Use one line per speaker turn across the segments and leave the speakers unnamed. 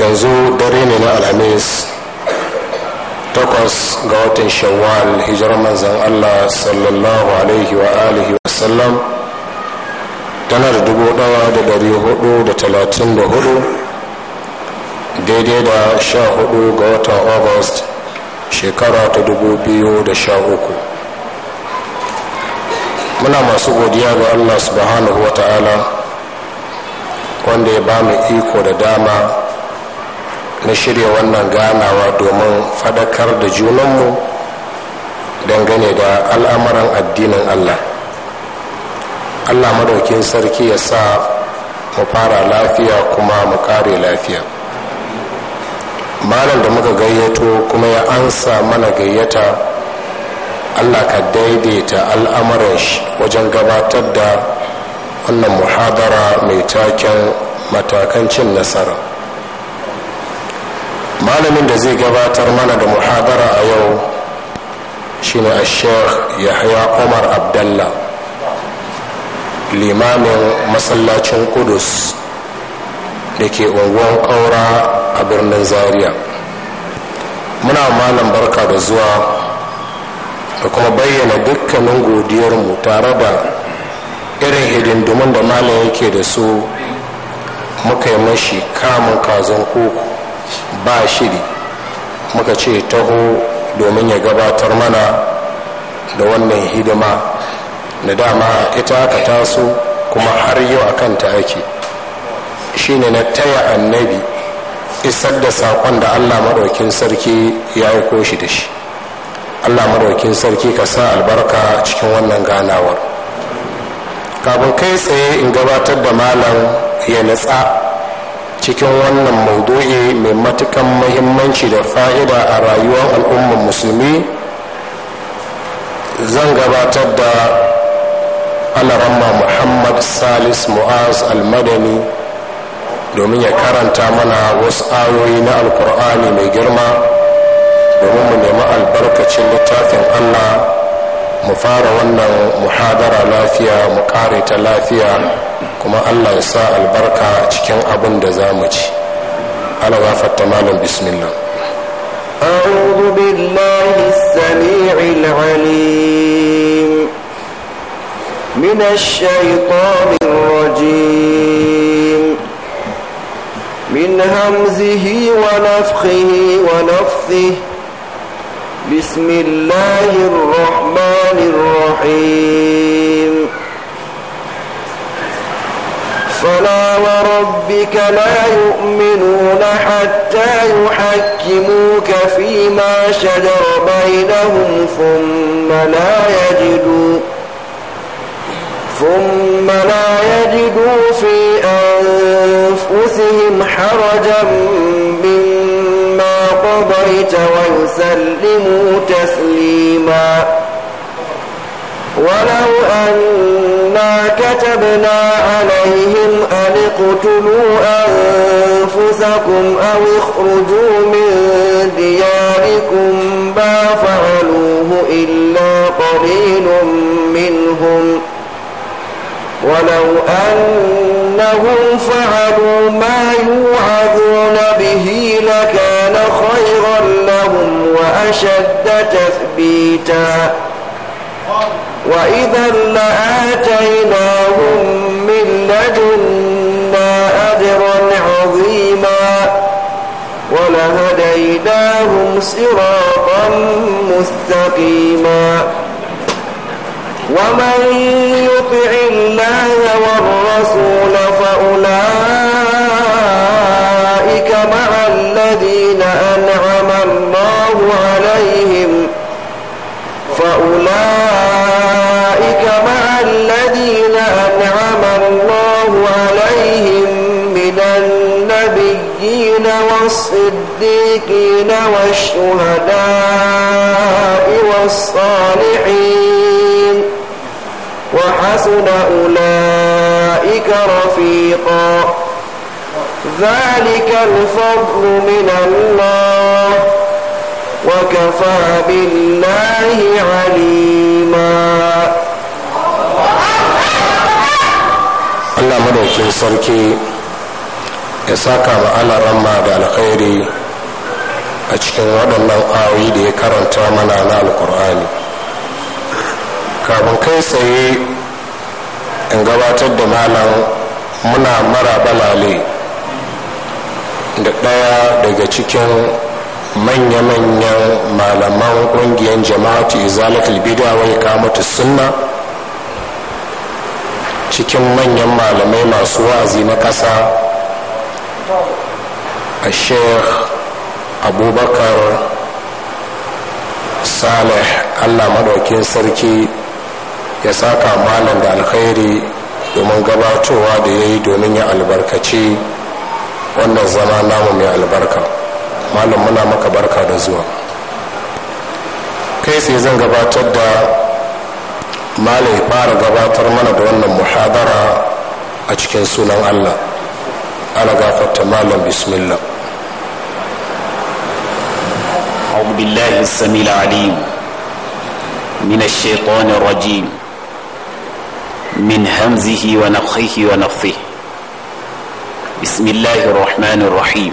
yanzu dare ne na alhamis takwas ga watan shawwal hijirar manzan allah sallallahu alaihi wa alihi sallam tana da dubu dawa da dari hudu da talatin da hudu daidai da sha hudu ga watan august shekara ta dubu biyu da sha uku muna masu godiya ga allah subhanahu wa ta'ala wanda ya ba mu iko da dama na shirya wannan ganawa domin fadakar da junanmu dangane da al'amuran addinin allah allah madaukin sarki ya sa mu fara lafiya kuma mu kare lafiya malam da muka gayyato kuma ya ansa mana gayyata allah ka daidaita al'amuran shi wajen gabatar da wannan muhadara mai taken matakancin nasara malamin da zai gabatar mana da muhadara a yau shine a sheikh yahya umar abdallah limamin masallacin kudus da ke unguwan kaura a birnin zaria muna malam barka da zuwa da kuma bayyana dukkanin godiyarmu tare da irin hidindimun da malam yake da su muka yi mashi kamun kazan koko ba shiri muka ce taho domin ya gabatar mana da wannan hidima na dama ita ka taso kuma har yau a kanta ake shine na taya annabi isar da saƙon da allah maɗaukin sarki ya yi koshi da shi allah maɗaukin sarki ka sa albarka cikin wannan ganawar kafin kai tsaye in gabatar da malam ya natsa cikin wannan maudu'i mai matukan mahimmanci da fa'ida a rayuwar al'ummar musulmi zan gabatar da alarama muhammad salis mu'az almadani domin ya karanta mana wasu ayoyi na alkur'ani mai girma domin mu nemi albarkacin littafin allah mu fara wannan muhadara lafiya mu kare ta lafiya kuma allah ya sa albarka cikin abin da za mu ci ala gafarta malam
bismillah أعوذ بالله السميع العليم من الشيطان الرجيم من همزه ونفخه ونفثه بسم الله الرحمن الرحيم فلا وربك لا يؤمنون حتى يحكموك فيما شجر بينهم ثم لا يجدوا ثم لا يجدوا في أنفسهم حرجا من الشجرة ويسلموا تسليما ولو أنا كتبنا عليهم أن اقتلوا أنفسكم أو اخرجوا من دياركم ما فعلوه إلا قليل منهم ولو أنهم فعلوا ما يوعظون به لكان كان خيرا لهم وأشد تثبيتا وإذا لآتيناهم من لدنا أجرا عظيما ولهديناهم صراطا مستقيما ومن يطع الله والرسول أولئك مع الذين أنعم الله عليهم من النبيين والصديقين والشهداء والصالحين وحسن أولئك رفيقا ذلك الفضل من الله وكفى بالله عليما Allah
madaukin sarki ya saka ba ana ramma da alkhairi a cikin waɗannan ayoyi da ya karanta mana na alkur'ani kafin kai tsaye in gabatar da malam muna mara balale da ɗaya daga cikin manya-manyan malaman ƙungiyar jama'atu izalatul bida wai kamatu sunna cikin manyan malamai masu wa'azi na ƙasa a sheikh abubakar saleh allah maɗaukin sarki ya saka malam da alkhairi domin gabatowa da ya yi domin ya albarkaci wannan zama namu mai albarka malam muna maka barka da zuwa kai sai zan gabatar da malam ya fara gabatar mana da wannan muhadara a cikin sunan allah ana gafarta malam bismillah أعوذ بالله السميع العليم من
الشيطان الرجيم من همزه ونفخه ونفثه بسم الله الرحمن الرحيم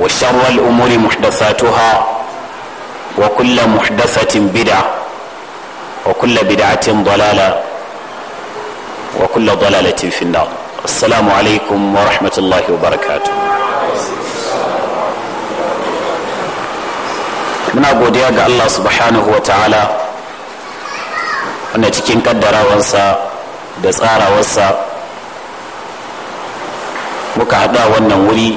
وشر الأمور محدثاتها وكل محدثة بدعة وكل بدعة ضلالة وكل ضلالة في النار السلام عليكم ورحمة الله وبركاته muna godiya ga Allah subhanahu wa ta'ala wanda cikin kaddarawansa da tsarawarsa muka hada a wannan wuri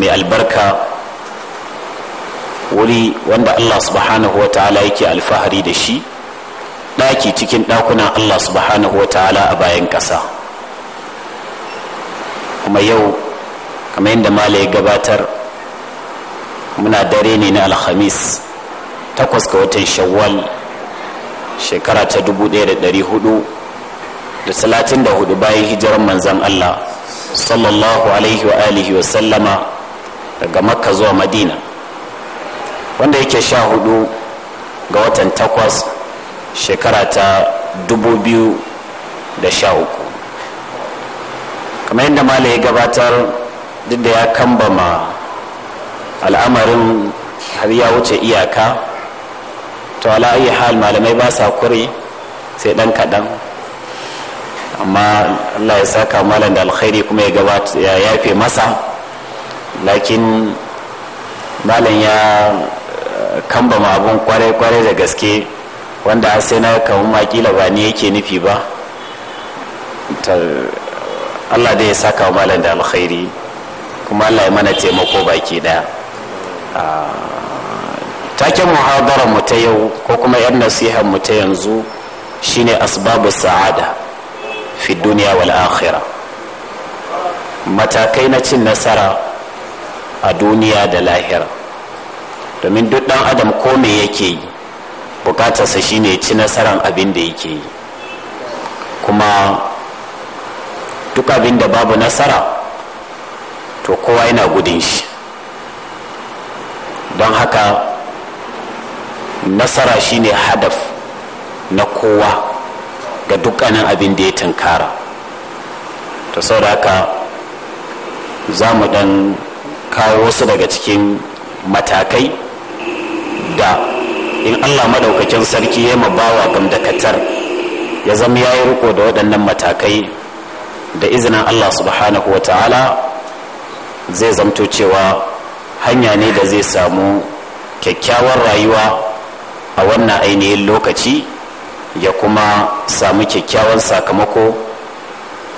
mai albarka wuri wanda allah subhanahu wa ta'ala yake alfahari da shi ɗaki cikin ɗakunan allah subhanahu wa ta'ala a bayan ƙasa kuma yau kamar yadda mala ya gabatar muna dare ne na alhamis takwas ga watan shawwal shekara ta daya da talatin da hudu bayan hijirar manzan Allah sallallahu alaihi wa alihi wa sallama daga makka zuwa madina wanda yake sha hudu ga watan takwas shekara ta dubu biyu da sha uku kamar yadda mala ya gabatar duk da ya kambama al'amarin har ya wuce iyaka to ala hal malamai ba sa kuri sai dan kaɗan amma allah ya saka malam da alkhairi kuma ya yafe masa lakin malam ya eh, kambama abun kwarai-kwarai da gaske wanda sai na kamun makila ba ni yake nufi ba allah da ya saka wa malam da alkhairi kuma allah ya mana taimako baki daya ah, taken muhadarar mu ta yau ko kuma yan nasihar mu ta yanzu shine asbabu sa'ada fi duniya wal akhirah matakai na cin nasara a duniya da lahira domin duk dan adam ko me yake yi bukatarsa shine ci nasarar abin da yake yi kuma duk abin da babu nasara to kowa yana gudun shi don haka nasara shine hadaf na kowa ga dukkanin abin da ya tunkara ta haka za mu dan kawo wasu daga cikin matakai da in allah maɗaukakin sarki ya mabawa gamdakatar ya zama ya yi riko da waɗannan matakai da izinin allah subhanahu wata'ala zai zamto cewa hanya ne da zai samu kyakkyawar rayuwa a wannan ainihin lokaci ya kuma samu kyakkyawan sakamako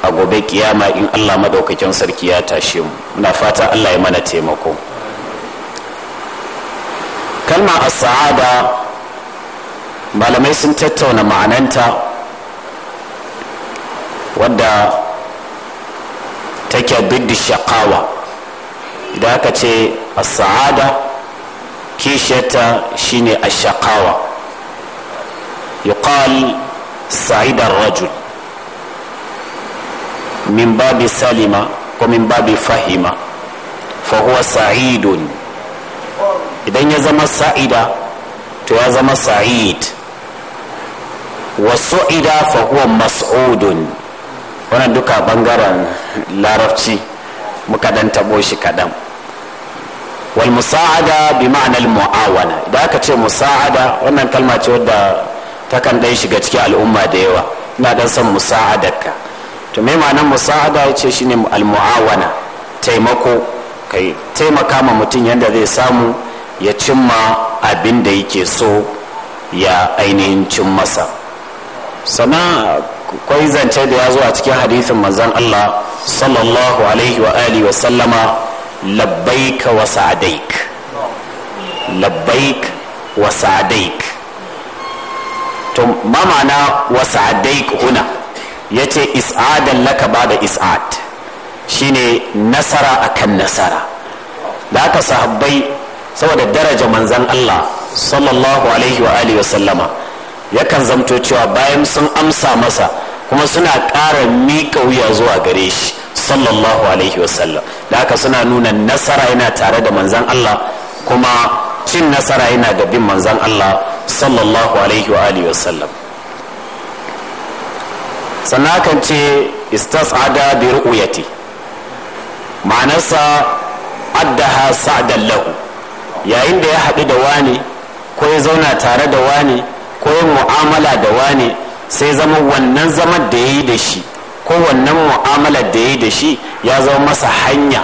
a gobe kiyama in allah madaukakin sarki ya tashe mu muna fata allah ya mana taimako kalma a sa'ada malamai sun tattauna ma'ananta wadda take biddi shakawa idan aka ce a sa'ada kishiyarta shine a shakawa yuqal sa'idar rajul min babi salima ko min babi fahima fa huwa sa'idun idan ya zama sa'ida to ya zama sa'id wa su'ida fa huwa mas'udun wannan duka bangaren larabci muka dan tabo shi kadan wal musa'ada bi ma'anar mu'awana idan aka ce musa'ada wannan kalma ce wadda takan dai shiga cikin al'umma da yawa ina dan san musa'adarka to me ma'anar musa'ada ya ce shine almu'awana taimako kai taimaka ma mutum yadda zai samu ya cimma abin da yake so ya ainihin cin masa sana kwai zance da ya zo a cikin hadisin manzan Allah sallallahu alaihi wa alihi wa sallama labbaik wa sa'adaik labbaik wa sa'adaik to ma ma'ana wa sa'adaik huna ya ce is'adan laka ba da is'ad ne nasara a kan nasara da aka sahabbai saboda daraja manzan Allah sallallahu alaihi wa alihi wa sallama yakan zamto cewa bayan sun amsa masa kuma suna ƙara miƙa wuya zuwa gare shi sallallahu alaihi wa sallam da aka suna nuna nasara yana tare da manzan Allah kuma cin nasara yana da bin manzan Allah sallallahu alaihi wa wa sallam sannan kan ce istas'ada bi ru'yati ma'anarsa addaha sa'dan lahu yayin da ya haɗu da wani ko ya zauna tare da wani ko ya mu'amala da wani sai zama wannan zaman da ya yi da shi ko wannan mu'amala da ya yi da shi ya zama masa hanya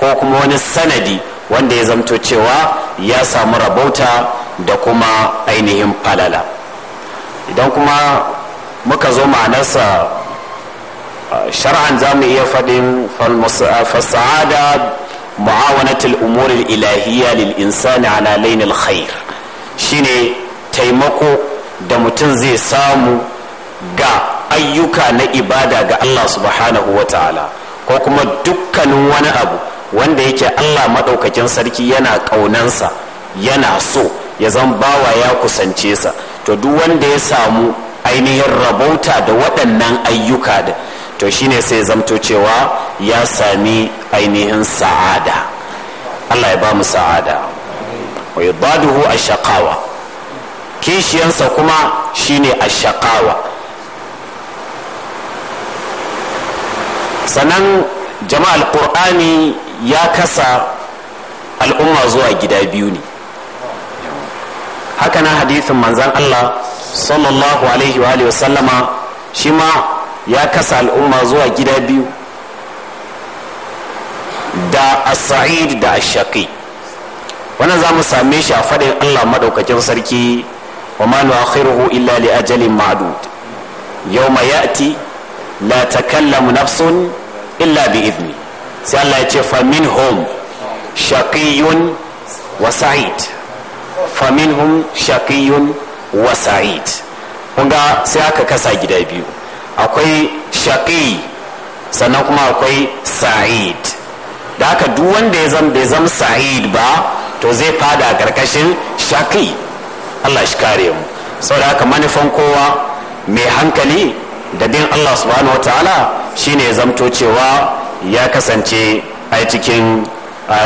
ko kuma wani sanadi wanda ya zamto cewa ya samu rabauta da kuma ainihin falala idan kuma muka zo ma'anarsa shar'an za mu iya faɗin fasa'ada ma'awanatul umuril ilahiyya lil insani ala lainil khair shine taimako da mutum zai samu ga ayyuka na ibada ga Allah subhanahu wa ta'ala ko kuma dukkanin wani abu wanda yake Allah maɗaukakin sarki yana ƙaunansa yana so ya zan bawa ya kusance sa to duk wanda ya samu ainihin rabauta da waɗannan ayyuka da to shine sai zamto cewa ya sami ainihin sa'ada allah ya ba mu sa'ada wa a shaƙawa kishiyansa kuma shine shaƙawa. sannan jama'al qur'ani ya kasa al'umma zuwa gida biyu ne haka na hadithin manzan allah sallallahu alaihi wa sallama shi ma ya kasa al'umma zuwa gida biyu da asa'id said da ashaki shaqi wannan za mu same shi a faɗin Allah maɗaukakin sarki wa ma nu'akhiruhu illa li ajalin ma'dud yawma ya'ti la takallamu nafsun illa bi idni sai Allah ya ce fa shaqiyun wa sa'id fa minhum shaqiyun wa sa'id ga sai aka kasa gida biyu akwai shaqi sannan kuma akwai sa'id da haka duk wanda ya zama bai zama sa'id ba to zai fada a karkashin shaqi Allah shi kare mu saboda haka manufan kowa mai hankali da bin Allah subhanahu wataala shine ya zamto cewa ya kasance a cikin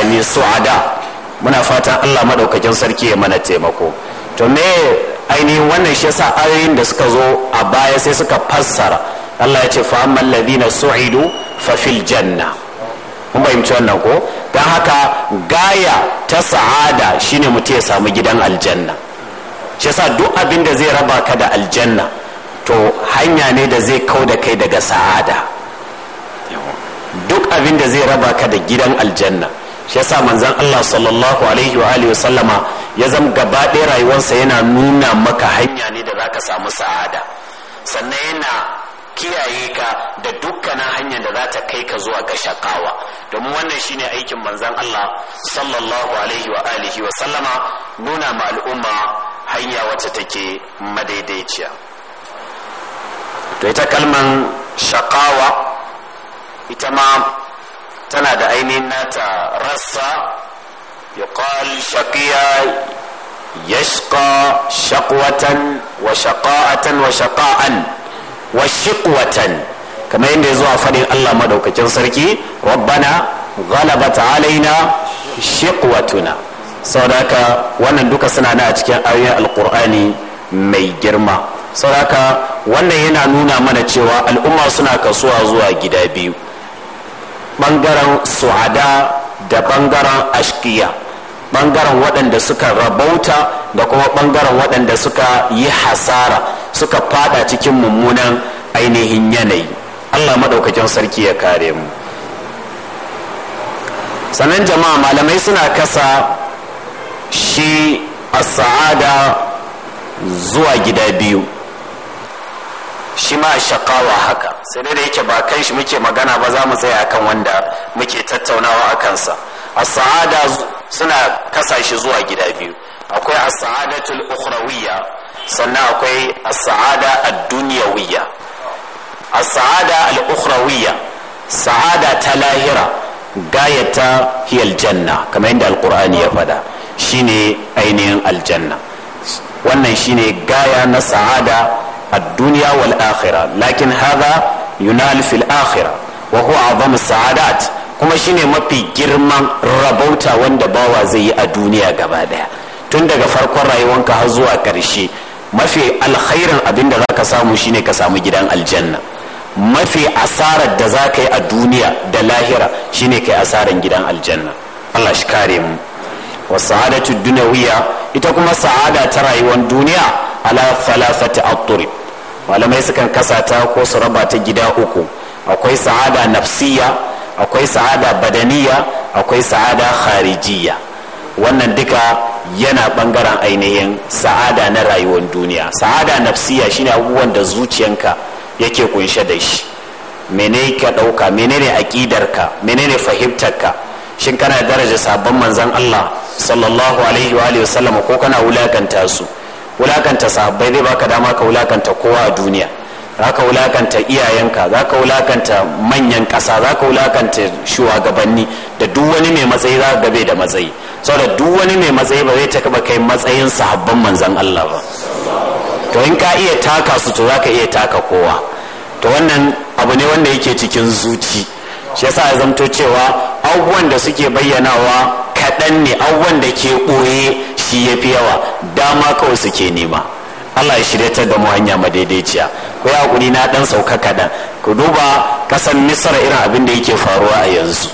ni su'ada muna fatan Allah madaukakin sarki ya mana taimako to me ainihin wannan shi yasa ayoyin da suka zo a baya sai suka fassara Allah ya ce fa amman ladina su'idu fa fil janna mun fahimci wannan ko dan haka gaya ta sa'ada shine mutum ya samu gidan aljanna shi yasa duk abin da zai raba ka da aljanna to hanya ne da zai kau da kai daga sa'ada duk abin da zai raba ka da gidan aljanna shi yasa manzan Allah sallallahu alaihi wa alihi sallama ya zama gaba ɗaya rayuwarsa yana nuna maka hanya ne da zaka samu sa'ada sannan yana kiyaye ka da dukkanin hanyar da za ta kai ka zuwa ga shakawa domin wannan shine aikin manzan Allah sallallahu alaihi wa alihi wa sallama nuna ma al'umma hanya wacce take madaidaiciya to ita kalman shakawa ita ma tana da ainihin nata rassa yuqal ya shiƙa shakwatan wa shaƙa'atan wa shaƙa'an wa kamar yadda ya zo a faɗin Allah maɗaukakin sarki rabbana ta'alaina alaina sau da haka wannan duka suna na a cikin ayoyin Alƙur'ani mai girma sau da haka wannan yana nuna mana cewa al'umma suna kasuwa zuwa gida biyu bangaren su'ada da bangaren ashkiya bangaren waɗanda suka rabauta da kuma bangaren waɗanda suka yi hasara suka fada cikin mummunan ainihin yanayi allah maɗaukakin sarki ya kare mu sannan jama'a malamai suna kasa shi a sa'ada zuwa gida biyu shi ma shakawa haka sai dai da yake ba kan shi muke magana ba za mu tsaya akan wanda muke tattaunawa a kansa a sa'ada suna kasa shi zuwa gida biyu akwai a saadatul ukhrawiyya sannan akwai a saada ad-dunyawiyya a saada al-ukhrawiyya sa'ada ta lahira gayata hiyal janna kamar yadda alqur'ani ya faɗa shine ainihin aljanna wannan shine gaya na sa'ada a الدنيا والآخرة lakin هذا ينال في الآخرة وهو أعظم السعادات kuma shine mafi girman rabauta wanda bawa zai yi a duniya gaba daya tun daga farkon rayuwanka har zuwa ƙarshe mafi alkhairin abin da za ka samu shine ka samu gidan aljanna mafi asarar da za ka yi a duniya da lahira shine kai asarar gidan aljanna allah shi kare mu wa sa'adatu duniya ita kuma sa'ada ta rayuwar duniya ala falafati at malamai sukan kasata ko su raba ta gida uku akwai sa'ada nafsiya akwai sa'ada badaniya akwai sa'ada kharijiya wannan duka yana bangaren ainihin sa'ada na rayuwar duniya sa'ada nafsiya shine abubuwan da zuciyanka yake kunshe da shi mene ka ɗauka menene aƙidarka ne fahimtarka shin kana daraja sabon manzon Allah sallallahu alaihi wa sallama ko kana wulakanta su wulakanta sahabbai zai baka dama ka wulakanta kowa a duniya za ka wulakanta iyayenka za ka wulakanta manyan ƙasa za ka wulakanta shugabanni da duk wani mai matsayi za ka gabe da matsayi saboda duk wani mai matsayi ba zai taɓa kai matsayin sahabban manzan Allah ba to in ka iya taka su to za ka iya taka kowa to wannan abu ne wanda yake cikin zuci shi yasa ya zamto cewa abubuwan da suke bayyanawa kaɗan ne abubuwan da ke ɓoye shi ya fi yawa dama kawai suke nema allah ya shiryatar da mu hanya madaidaiciya ko ya kuni na dan sauka kaɗan ku duba kasan misra irin abin da yake faruwa a yanzu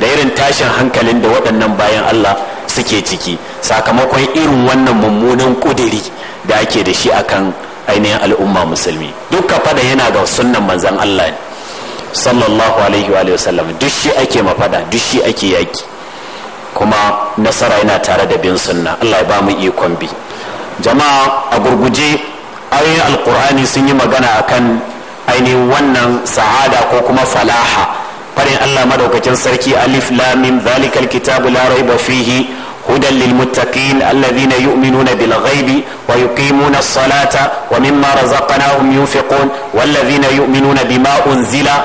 da irin tashin hankalin da waɗannan bayan allah suke ciki sakamakon irin wannan mummunan kudiri da ake da shi akan ainihin al'umma musulmi dukka fada yana ga sunnan manzan allah ne sallallahu alaihi wa sallam duk shi ake mafada duk shi ake yaki kuma nasara yana tare da bin sunna allah ya ba mu ikon bi jama'a a gurguje ayoyin alkur'ani sun yi magana akan ainihin wannan sa'ada ko kuma falaha farin allah madaukakin sarki alif lamim zalikal kitabu la raiba fihi هدى للمتقين الذين يؤمنون Salata, ويقيمون الصلاة ومما رزقناهم ينفقون والذين يؤمنون Bima, Unzila.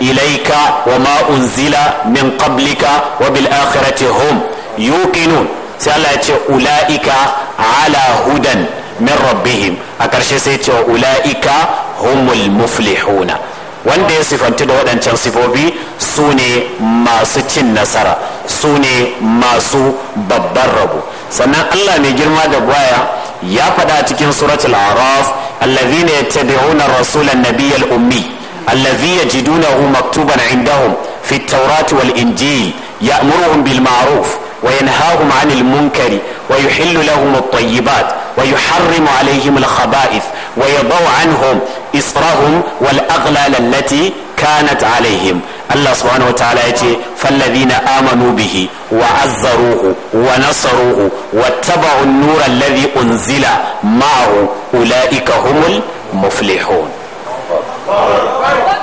ilaika wa ma unzila min qablika wa bil akhirati hum yuqinun sai Allah ya ce ulaika ala hudan min rabbihim a ƙarshe sai ce ulaika humul muflihuna wanda ya sifanti da waɗancan sifofi su ne masu cin nasara su ne masu babban rabo sannan allah mai girma da baya ya faɗa cikin suratul araf allazina yattabi'una rasulan nabiyyal ummi الذي يجدونه مكتوبا عندهم في التوراة والإنجيل يأمرهم بالمعروف وينهاهم عن المنكر ويحل لهم الطيبات ويحرم عليهم الخبائث ويضع عنهم إصرهم والأغلال التي كانت عليهم الله سبحانه وتعالى فالذين آمنوا به وعزروه ونصروه واتبعوا النور الذي أنزل معه أولئك هم المفلحون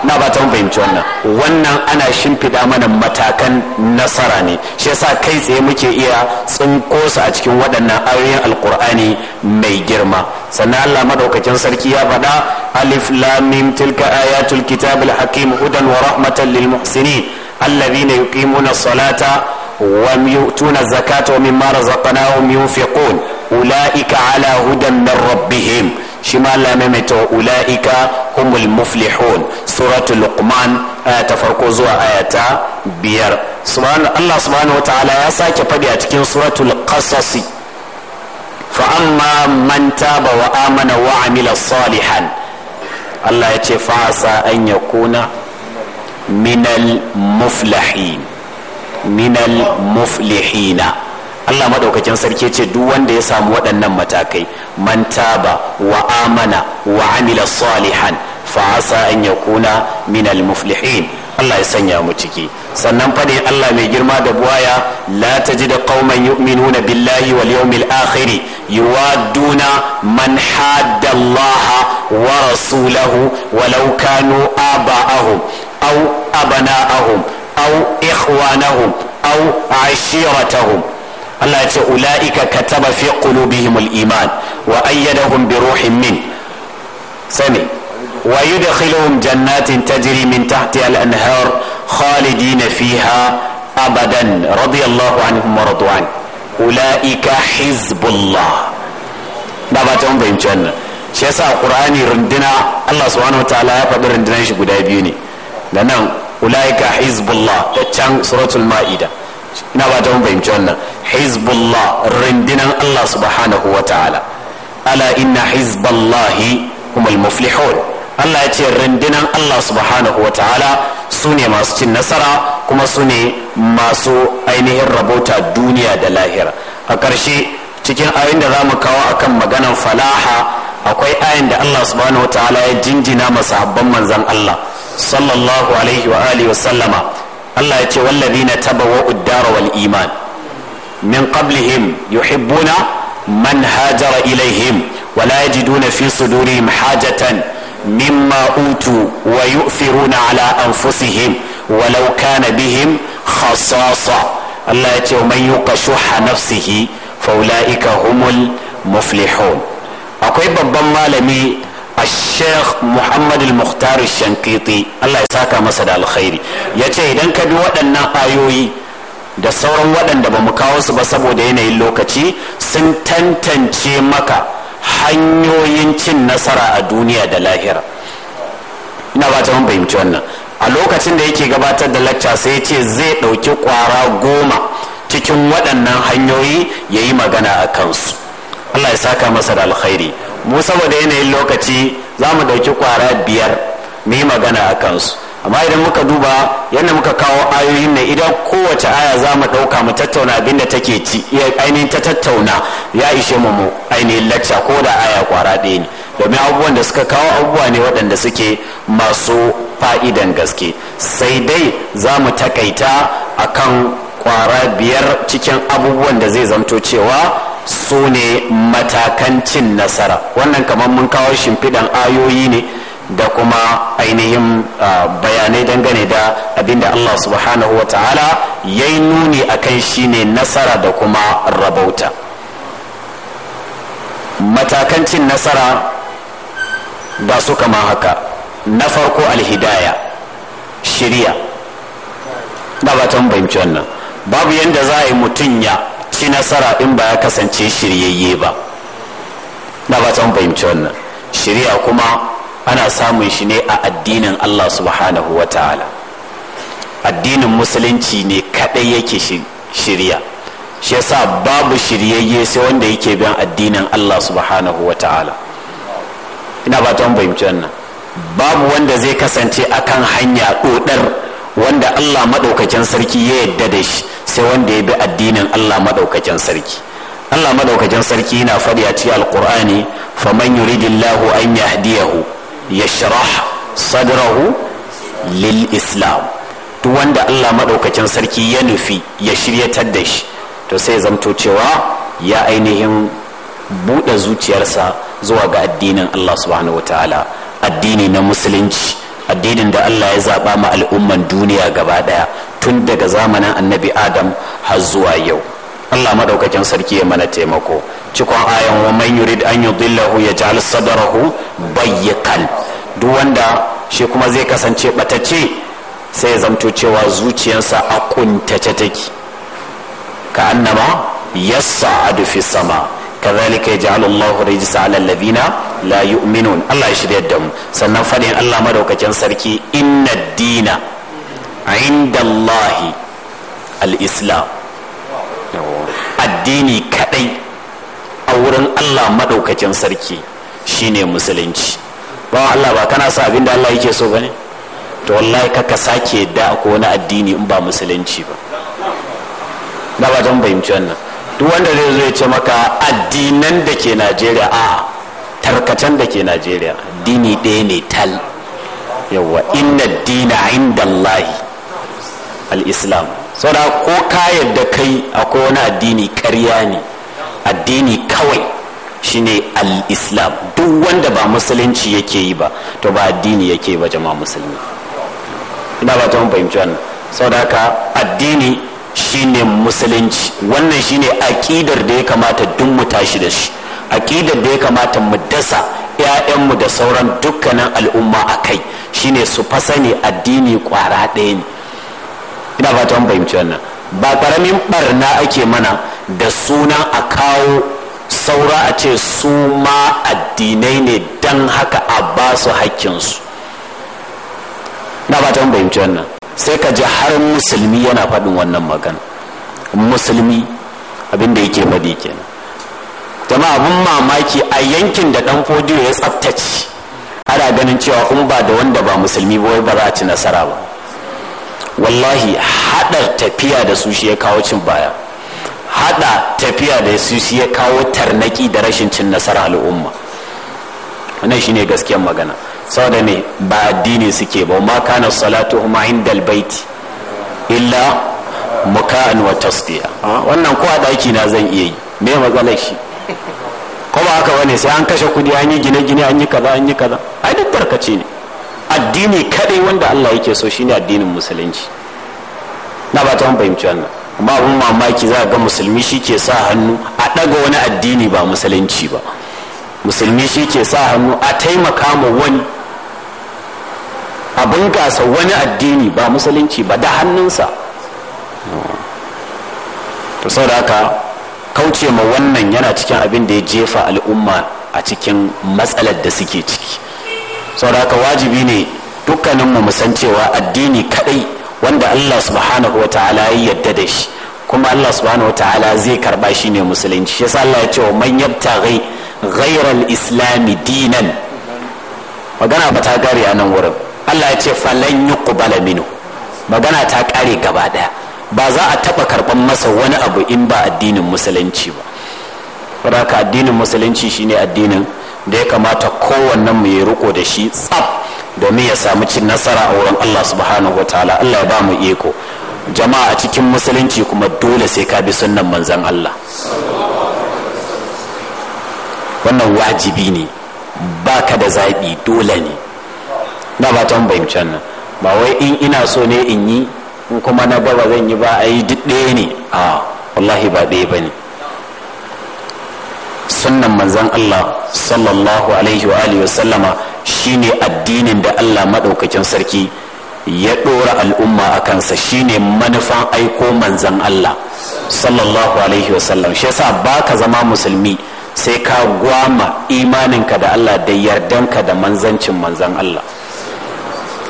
na ba fahimci wannan wannan ana shimfiɗa mana matakan nasara ne shi yasa kai tsaye muke iya tsinko su a cikin waɗannan ayoyin alkur'ani mai girma sannan Allah madaukakin sarki ya faɗa alif lam mim tilka ayatul kitabil hakim hudan wa rahmatan lil muhsinin alladhina yuqimuna salata ويؤتون الزكاة ومما رزقناهم ينفقون أولئك على هدى من ربهم shi ma Allah mai wa ula'ika humul muflihun suratu luqman aya ta farko zuwa aya ta biyar Allah subhanahu wa ta'ala ya sake faɗi a cikin suratul qasasi fa amma man taba wa amana wa amila salihan Allah ya ce fa sa an yakuna minal muflihin minal muflihina Allah madaukakin sarki ce duk wanda ya samu waɗannan matakai man taba wa amana wa amila salihan fa asa an yakuna minal muflihin Allah ya sanya mu ciki sannan fa Allah mai girma da buwaya la tajidu qauman yu'minuna billahi wal yawmil akhir yuwadduna man hadda Allah wa rasulahu walau kanu aba'ahum aw abana'ahum aw ikhwanahum aw ashiratahum Allah ya ce ula'ika kataba fi qulubihimul iman wa ayyadahum bi ruhin min sami wa yudkhiluhum jannatin tajri min tahtiha al-anhar khalidina fiha abadan radiyallahu anhum wa radu ula'ika hizbullah da ba ta fahimci wannan shi yasa qur'ani runduna Allah subhanahu wataala ya faɗi rundunar shi guda biyu ne da nan ula'ika hizbullah da can suratul ma'ida ina ba ta fahimci wannan hezbollah rindinan Allah subhanahu wa ta'ala ala inna hizballahi kuma muflihun Allah ya ce rindinan Allah subhanahu wa ta'ala su ne masu cin nasara kuma su ne masu ainihin rabota duniya da lahira a ƙarshe cikin ayin da za mu kawo akan maganan falaha akwai ayin da Allah subhanahu wa ta'ala ya jinjina habban manzan Allah sallallahu alaihi wa alihi wa sallama Allah ya ce wallazina tabawwa'u ad-dara wal iman min qablihim yuhibbuna man hajara ilaihim ولا يجدون في صدورهم حاجة مما أوتوا ويؤثرون على أنفسهم ولو كان بهم خصاصة الله يتيو من يوق شح نفسه فأولئك هم المفلحون akwai babban malami الشيخ محمد المختار الشنقيطي الله يساكا مسد الخير يتي إذن كبي ودنا آيوي da sauran waɗanda ba mu kawo su ba saboda yanayin lokaci sun tantance maka hanyoyin cin nasara a duniya da lahira ina ba ta mun fahimci wannan a lokacin da yake gabatar da lacca sai ya ce zai ɗauki ƙwara goma cikin waɗannan hanyoyi ya yi magana a kansu allah ya saka masa da alkhairi mu saboda yanayin lokaci za mu ɗauki kwara biyar mu yi magana a kansu amma idan muka duba yadda muka kawo ayoyin nan idan kowace aya za mu ɗauka mu tattauna abinda take ci iya ainihin ta tattauna ya ishe mu mu ainihin lacca ko da aya kwara ɗaya ne domin abubuwan da suka kawo abubuwa ne waɗanda suke masu fa'idan gaske sai dai za mu takaita akan kwara biyar cikin abubuwan da zai zamto cewa su ne matakan cin nasara wannan kamar mun kawo shimfiɗan ayoyi ne da kuma ainihin ah, bayanai dangane da abinda Allah subhanahu wa ta'ala ya yi nuni a kan shi ne nasara da kuma rabauta matakan cin nasara ba su kama haka na farko alhidaya shirya ba ba ta wannan babu yadda za a yi mutum ya ki nasara in ba ya kasance shiryayye ba na ba ta fahimci wannan shirya kuma ana samun shi ne a addinin Allah subhanahu wa ta'ala addinin musulunci ne kaɗai yake shirya shi yasa babu shiryayye sai wanda yake bin addinin Allah subhanahu wa ta'ala ina ba ta fahimci wannan babu wanda zai kasance akan hanya ɗodar wanda Allah maɗaukacin sarki ya yadda da shi sai wanda ya bi addinin Allah maɗaukacin sarki Allah maɗaukacin sarki yana faɗi a cikin alkur'ani faman yuridillahu an yahdiyahu yashrah sadrahu lil islam duk wanda Allah maɗaukacin sarki ya nufi ya shiryatar da shi to sai zamto cewa ya ainihin buɗe zuciyarsa zuwa ga addinin Allah subhanahu wataala addini na musulunci addinin da Allah ya zaɓa ma al'umman duniya gaba ɗaya tun daga zamanin annabi adam har zuwa yau Allah madaukakin sarki ya mana taimako cikon ayan wa man yurid an yudillahu yaj'al sadrahu bayyakan duk wanda shi kuma zai kasance batacce sai ya zamto cewa zuciyarsa a kuntace take ka annama adu fi sama kazalika yaj'alu Allahu rijsa 'ala alladhina la yu'minun Allah ya shirya da mu sannan fadin Allah madaukacin sarki inna dina inda al-islam addini kadai a wurin Allah madaukacin sarki shine musulunci ba Allah ba kana sa abin da Allah yake so bane to wallahi kaka sake da ko na addini in ba musulunci ba da ba don fahimci wannan duk wanda zai zo ya ce maka addinan da ke najeriya a tarkacen da ke najeriya dini ɗaya ne tal yawa inna dina inda allahi al'islam sau saboda ko ka yadda kai akwai wani addini karya ne addini kawai shine ne al'islam duk wanda ba musulunci yake yi ba to ba addini yake ba jama'a musulmi ina ba ta mun fahimci wannan saboda ka addini shine musulunci wannan shine aƙidar da ya kamata duk mu tashi da shi aƙidar da ya kamata mu dasa ‘ya'yanmu da sauran dukkanin al'umma a kai shine su fasani addini ƙwara ɗaya ne ina fatan fahimci wannan ba ƙaramin ɓarna ake mana da suna a kawo saura a ce su ma addinai ne dan haka a ba su haƙƙinsu ina fatan fahimci wannan sai ka ji har musulmi yana faɗin wannan magana musulmi abinda yake faɗi kenan jama'a abin mamaki a yankin da ɗan fodiyo ya tsaftace ana ganin cewa in ba da wanda ba musulmi ba wai ba za a ci nasara ba wallahi haɗa tafiya da su shi ya kawo cin baya haɗa tafiya da su shi ya kawo tarnaki da rashin cin nasara al'umma wannan shine gaskiyar magana saboda me ba addini suke ba ma kana salatu huma indal baiti illa muka'an wa tasdiya ah, wannan ko a daki na zan iya yi me matsalar shi ko ba haka bane sai an kashe kudi an yi gine-gine an yi kaza an yi kaza ai duk tarkace ne addini kadai wanda Allah yake so shine addinin musulunci na ba ta fahimci wannan amma abun mamaki za ga musulmi shi ke sa hannu a ɗaga wani addini ba musulunci ba musulmi shi ke sa hannu a taimaka ma wani a bunkasa wani addini ba musulunci ba da hannunsa to sau da kauce ma wannan yana cikin abin da ya jefa al'umma a cikin matsalar da suke ciki sau da haka wajibi ne dukkaninmu mu san cewa addini kadai wanda allah subhanahu wa ta'ala ya yadda da shi kuma allah subhanahu wa ta'ala zai karba shi ne musulunci yasa allah ya ce wa man yabtaghi ghairal islami dinan magana ba ta gari a nan wurin Allah ya ce falan kubala minu magana ta kare gaba daya ba za a taba karban masa wani abu in ba addinin musulunci ba ka addinin musulunci shine addinin da ya kamata kowannen mu ya riko da shi tsab domin ya samu cin nasara a wurin Allah subhanahu wataala Allah ya ba mu iko jama'a a cikin musulunci kuma dole sai ka bi sunnan manzon Allah wannan wajibi ne baka da zaɓi dole ne na ba ta fahimci nan ba wai in ina so ne in yi in kuma na ba zan yi ba a yi duk ɗaya ne a wallahi ba ɗaya ba ne sunan manzan Allah sallallahu alaihi wa alihi shi shine addinin da Allah maɗaukakin sarki ya ɗora al'umma a kansa shine manufan aiko manzan Allah sallallahu alaihi sallam shi yasa ba ka zama musulmi sai ka gwama imaninka da Allah da yardanka da manzancin manzan Allah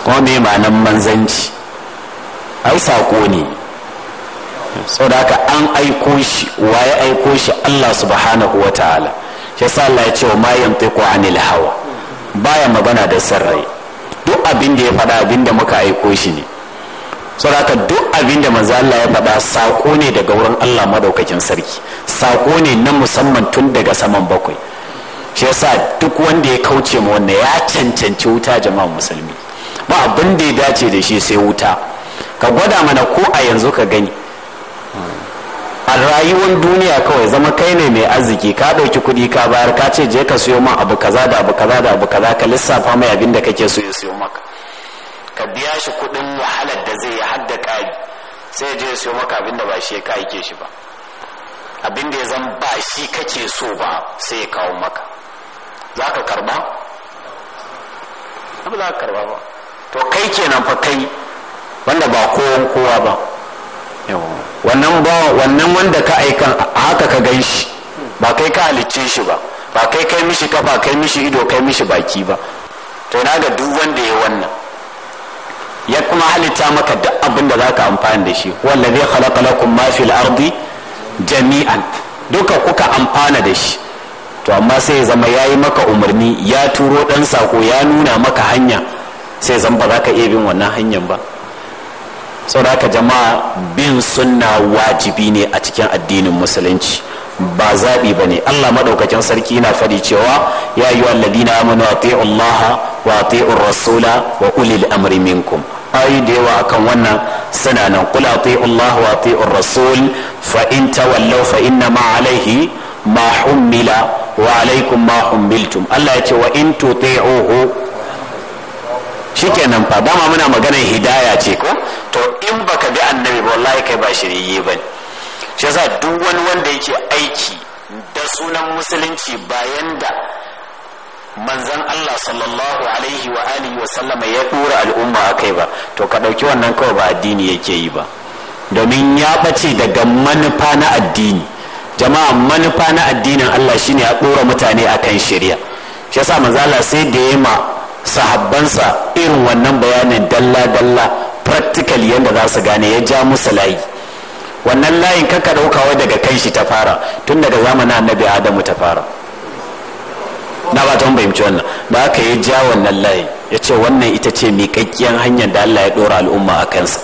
kuma me ma'anan manzanci ai saƙo ne saboda haka an aiko shi waye aiko shi Allah subhanahu wa ta'ala shi sa Allah ya ce wa ma yantiqu anil hawa baya magana da sarrai duk abin da ya faɗa abin da muka aiko shi ne saboda haka duk abin da manzo Allah ya faɗa saƙo ne daga wurin Allah madaukakin sarki saƙo ne na musamman tun daga saman bakwai shi yasa duk wanda ya kauce ma wannan ya cancanci wuta jama'a musulmi ba abin da ya dace da shi sai wuta ka gwada mana ko a yanzu ka gani a rayuwar duniya kawai zama kai ne mai arziki ka ɗauki kuɗi ka bayar ka ce je ka siyo ma abu kaza da abu kaza da abu kaza ka lissafa mai abin da kake so ya siyo maka
ka biya shi kuɗin
wahalar da zai hadda ƙari sai je ya siyo maka abin da ba shi kai ke shi ba abin da ya zan ba shi kake so ba sai ya kawo maka za ka karba? ba za ka karba ba to kai kenan fa kai wanda ba kowan kowa ba wannan ba wannan wanda ka aika a haka ka gan shi ba kai ka halicce shi ba ba kai kai mishi kafa kai mishi ido kai mishi baki ba to na ga duk wanda ya wannan ya kuma halitta maka duk abin da za ka amfani da shi wanda zai halaka lakum ma fil ardi jami'an duka kuka amfana da shi to amma sai ya zama ya yi maka umarni ya turo dan sako ya nuna maka hanya sai zan ba za ka iya bin wannan hanyar ba saboda haka jama'a bin sunna wajibi ne a cikin addinin musulunci ba zaɓi ba ne allah maɗaukakin sarki na faɗi cewa ya yi walladina amanu a Allah wa ti'un rasula wa ulil amri minkum ayoyi da yawa akan wannan suna nan kula ti'un Allah wa ti'un rasul fa in tawallaw fa inna ma alaihi ma hummila wa alaikum ma hummiltum allah ya ce wa in tuti'uhu shikenan fa dama muna maganar hidaya ce ko to in baka bi annabi ba wallahi kai ba shiriye ba shi yasa duk wani wanda yake aiki da sunan musulunci bayan da manzan Allah sallallahu alaihi wa alihi wa sallama ya dora al'umma a kai ba to ka ɗauki wannan kawai ba addini yake yi ba domin ya bace daga manufa na addini jama'a manufa na addinin Allah shine ya ɗora mutane akan shari'a shi yasa Allah sai da yayi ma sahabbansa irin wannan bayanin dalla-dalla practical yadda za su gane ya ja musu layi wannan layin kaka daukawa daga kan shi ta fara tun daga zamanin annabi adamu ta fara na ba ta fahimci wannan ba aka ya ja wannan layin ya ce wannan ita ce miƙaƙƙiyar hanyar da allah ya ɗora al'umma a kansa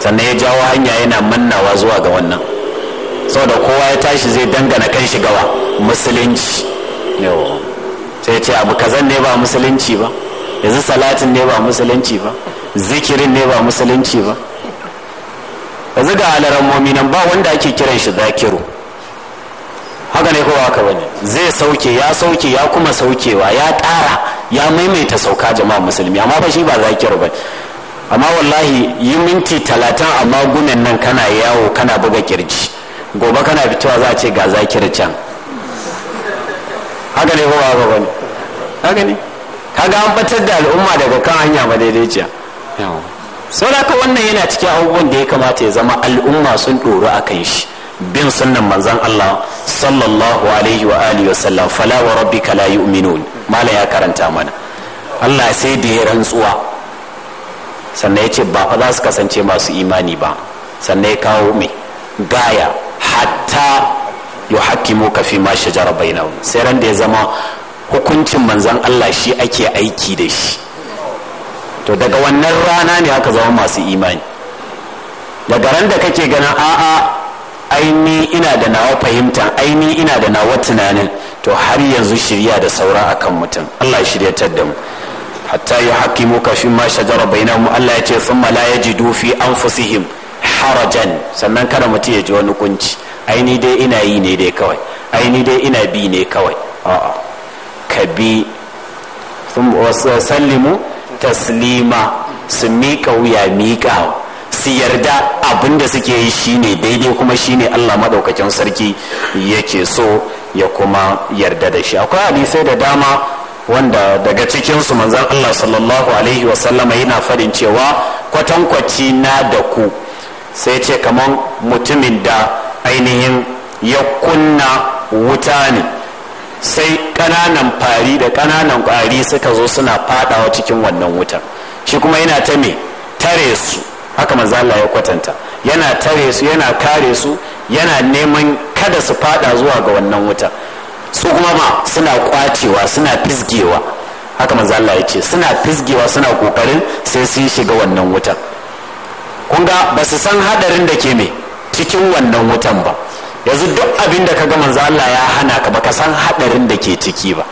sannan ya jawo hanya yana mannawa zuwa ga wannan saboda kowa ya tashi zai dangana kan shi gawa musulunci yawa sai ce abu kazan ne ba musulunci ba yanzu salatin ne ba musulunci ba zikirin ne ba musulunci ba yanzu ga alaran mominan ba wanda ake kiran shi zakiru haka ne kowa haka bane zai sauke ya sauke ya kuma saukewa ya ƙara ya maimaita sauka jama'a musulmi amma ba shi ba zakiru ba amma wallahi yi minti talatin amma gunan nan kana yawo kana buga kirji gobe kana fitowa za a ce ga zakiru can haka ne kuma haka bane haka ne kaga an batar da al'umma daga kan hanya madaidaiciya saboda wannan yana cikin abubuwan da ya kamata ya zama al'umma sun ɗoru a kan shi bin sunan manzan Allah sallallahu alaihi wa alihi sallam fala wa rabbika la yu'minun mala ya karanta mana Allah sai da ya rantsuwa sannan ya ce ba fa za su kasance masu imani ba sannan ya kawo mai gaya hatta yuhaqqimu ka fi ma shajara bainahum sai ran da ya zama hukuncin manzon Allah shi ake aiki da shi to daga wannan rana ne aka zama masu imani daga ran da kake ganin a'a aini ina da nawa fahimta aini ina da nawa tunanin to har yanzu shirya da saura akan mutum Allah ya da mu hatta yi hakimu kafin ma shajara Allah ya ce sun la dufi fi fusihim harajan sannan kada mutum ya ji wani kunci aini dai ina yi ne dai kawai aini dai ina bi ne kawai a'a ka bi sallimu taslima su miƙa wuya miƙa su yarda abin da suke yi shine daidai kuma shine Allah maɗaukacin sarki yake so ya kuma yarda da shi akwai hadisai da dama wanda daga cikinsu manzan Allah sallallahu alaihi wasallama yana faɗin cewa kwatankwaci na da ku sai ce kamar mutumin da ainihin ya kunna wuta ne sai ƙananan fari da ƙananan ƙwari suka zo suna fadawa cikin wannan wutan shi kuma yana ta me tare su haka manzala ya kwatanta yana tare su yana kare su yana neman kada su fada zuwa ga wannan wuta su kuma ma suna kwacewa suna fisgewa haka manzala ya ce suna fisgewa suna kokarin sai sun shiga wannan wuta kun ga ba su san hadarin da ke me cikin wannan wutan ba yanzu duk abin da kaga manzo Allah ya hana ka baka san hadarin da ke ciki ba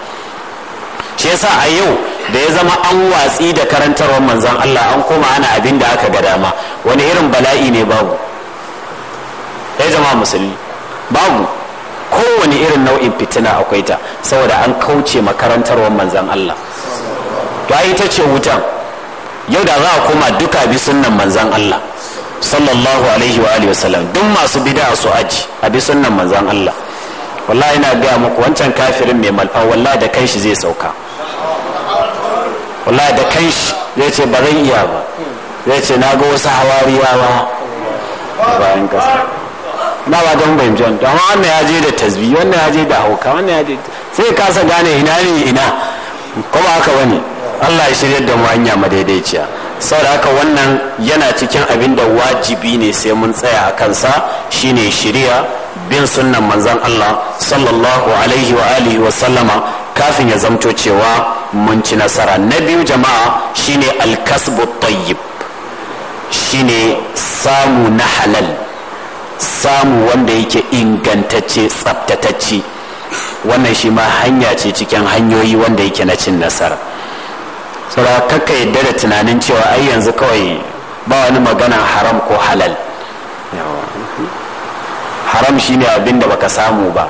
shi yasa a yau da ya zama an watsi da karantarwar manzon Allah an koma ana abin da aka ga dama wani irin bala'i ne babu ya eh, zama musulmi babu kowane irin nau'in fitina akwai ta saboda an kauce makarantarwar manzan Allah to ai ta ce wutan yau da za a koma duka bi sunnan manzan Allah sallallahu alaihi wa alihi wasallam duk masu bid'a su aji a bi sunnan manzon Allah wallahi ina ga muku wancan kafirin mai malfa wallahi da kanshi zai sauka wallahi da kanshi zai ce ba zan iya ba zai ce na ga wasu ba bayan kasa
ba ba don bai john amma wannan ya je da tasbi wannan ya je da
hauka wannan ya je sai kasa gane ina ne ina kuma ba haka bane Allah ya shirya da mu hanya madaidaiciya saboda haka wannan yana cikin abin da wajibi ne sai mun tsaya a kansa shine shirya bin sunnan manzan Allah sallallahu alaihi wa alihi wa sallama kafin ya zamto cewa mun ci nasara na biyu jama'a shine alkasbu tayyib shine samu na halal samu wanda yake ingantacce tsaftatacce wannan shi ma hanya ce cikin hanyoyi wanda yake na cin nasara saboda ka yadda da tunanin cewa ai yanzu kawai ba wani magana haram ko halal haram shine abin da baka samu ba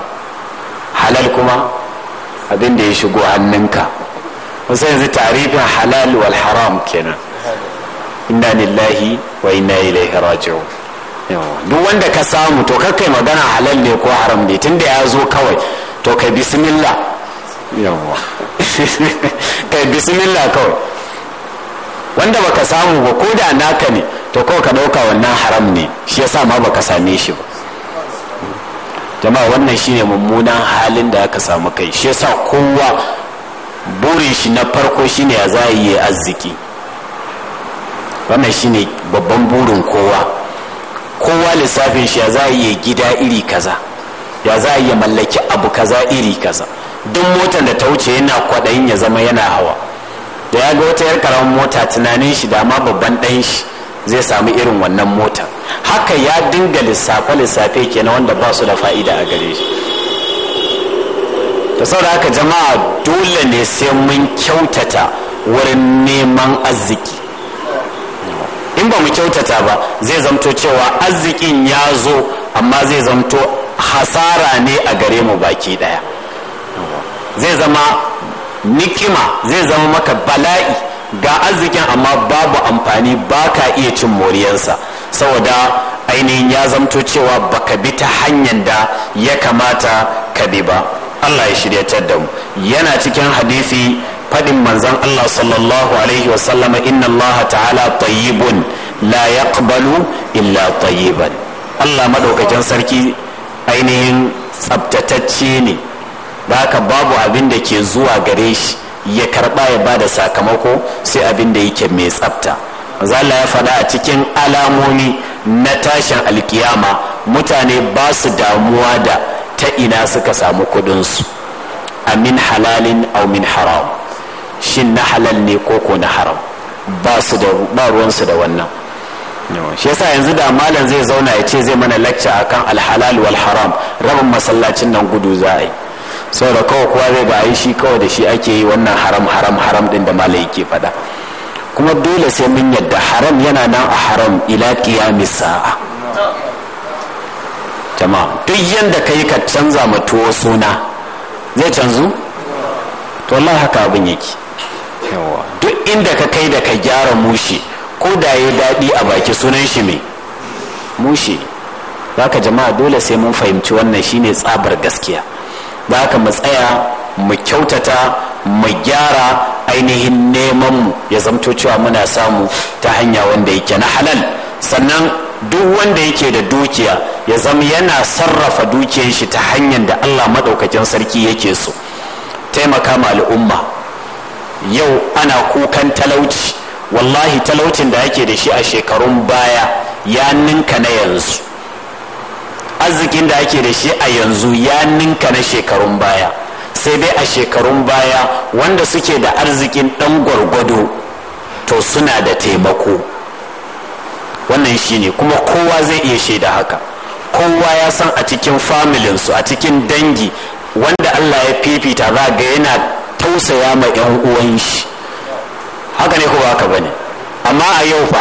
halal kuma abin da ya shigo hannunka wasu yanzu tarifin halal wal haram kenan inna lillahi wa inna ilaihi raji'un duk wanda ka samu to kai magana halal ne ko haram ne tunda ya zo kawai to kai bismillah kai bismillah kawai wanda baka samu ba ko da naka ne to kawai ka ɗauka wannan haram ne shi yasa ma baka same shi ba jama'a wannan shi ne mummunan halin da aka samu kai shi yasa kowa burin shi na farko shi ne ya za yi arziki wannan shi ne babban burin kowa kowa lissafin shi ya za yi gida iri kaza ya za yi mallaki abu kaza iri kaza duk motar da ta wuce yana kwaɗayin ya zama yana hawa da ya ga wata yar karamin mota tunanin shi da ma babban ɗan shi zai samu irin wannan mota haka ya dinga lissafe-lissafe kenan wanda ba su da fa'ida a gare shi da saboda haka jama'a dole ne sai mun kyautata wurin neman arziki in ba mu kyautata ba zai zamto cewa arzikin ya zo amma zai zamto hasara ne a gare mu baki ɗaya. zai zama nikima zai zama maka bala'i ga arzikin amma babu amfani ba ka iya cin moriyansa saboda ainihin ya zamto cewa baka bi ta hanyar da ya kamata ka bi ba allah ya shiryatar da mu yana cikin hadisi faɗin manzan allah sallallahu alaihi wasallama inna allaha ta'ala tayyibun la yaqbalu illa tayyiban allah maɗaukakin sarki ainihin tsabtatacce ne da haka babu abin da ke zuwa gare shi ya karba ya bada sakamako sai abin da yake mai tsafta zalla ya faɗa a cikin alamomi na tashin alkiyama mutane ba su damuwa da ta ina suka samu kudinsu amin halalin au haram shin na halal ne ko na haram ba su da ba ruwansu da wannan shi yasa yanzu da malam zai zauna ya ce zai mana lacca akan alhalal wal haram rabin masallacin nan gudu za a yi Sau da kawai kowa zai ga yi shi kawai da shi ake yi wannan haram haram haram din da malai ke faɗa kuma dole sai mun yadda haram yana nan a haram ila qiyamis sa'a jama'a duk yanda kai ka canza ma tuwo suna zai canzu to Allah haka abin yake duk inda ka kai da ka gyara mushi ko da ya daɗi a baki sunan shi mai mushi baka jama'a dole sai mun fahimci wannan shine tsabar gaskiya da haka mu tsaya mu kyautata mu gyara ainihin neman mu ya zamto cewa muna samu ta hanya wanda yake na halal sannan duk wanda yake da dukiya ya zama yana sarrafa dukiyar shi ta hanyar da allah maɗaukakin sarki yake so taimaka ma al'umma yau ana kukan talauci wallahi talaucin da ake da shi a shekarun baya ya ninka na yanzu arzikin da ake da shi a yanzu ya ninka na shekarun baya sai dai a shekarun baya wanda suke da arzikin ɗan gwargwado to suna da taimako wannan shi ne kuma kowa zai iya shaida haka kowa ya san a cikin familinsu a cikin dangi wanda allah ya fifita za ga yana tausaya ma 'yan uwan shi haka ne haka ba haka amma a yau fa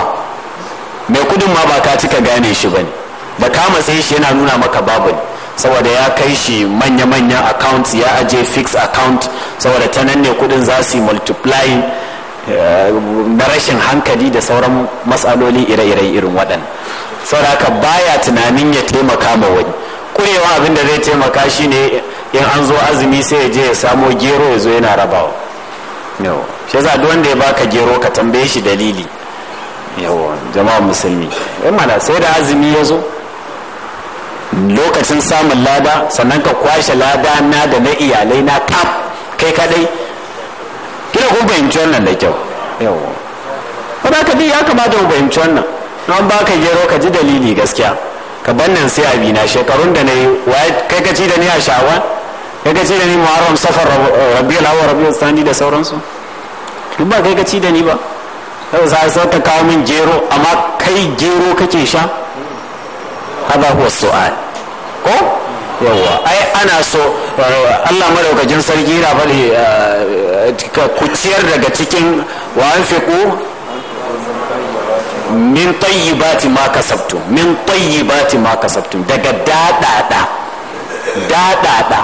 mai kudin ma ba ka cika gane shi bane da kama sai shi yana nuna maka babu saboda ya kai shi manya-manyan account ya aje fixed account saboda ta nan ne kudin za su multiply eh, na rashin hankali da sauran matsaloli ire-iren irin waɗannan saboda haka baya tunanin ya taimaka ma wani kurewa abin da zai taimaka shi ne in an zo azumi sai ya je ya samo gero ya zo yana rabawa shi za duk wanda ya baka gero ka tambaye shi dalili yawa jama'a musulmi eh, mana sai da azumi ya zo lokacin samun lada sannan ka kwashe lada na da na iyalai na kaf kai kadai kina kun fahimci wannan da kyau yawa ba ka ya kamata mu fahimci wannan an ba ka gero ka ji dalili gaskiya ka bannan sai abi na shekarun da na yi kai ka ci da ni a shawar kai ka ci da ni muharram safar rabi alawar rabi sani da sauransu duk ba kai ka ci da ni ba sai ka kawo min gero amma kai gero kake sha hada huwa su'al ko yawwa ai ana so Allah madaukakin sarki yana bari ka kuciyar daga cikin wa anfiqu min tayyibati ma kasabtum min tayyibati ma kasabtum daga dadada dadada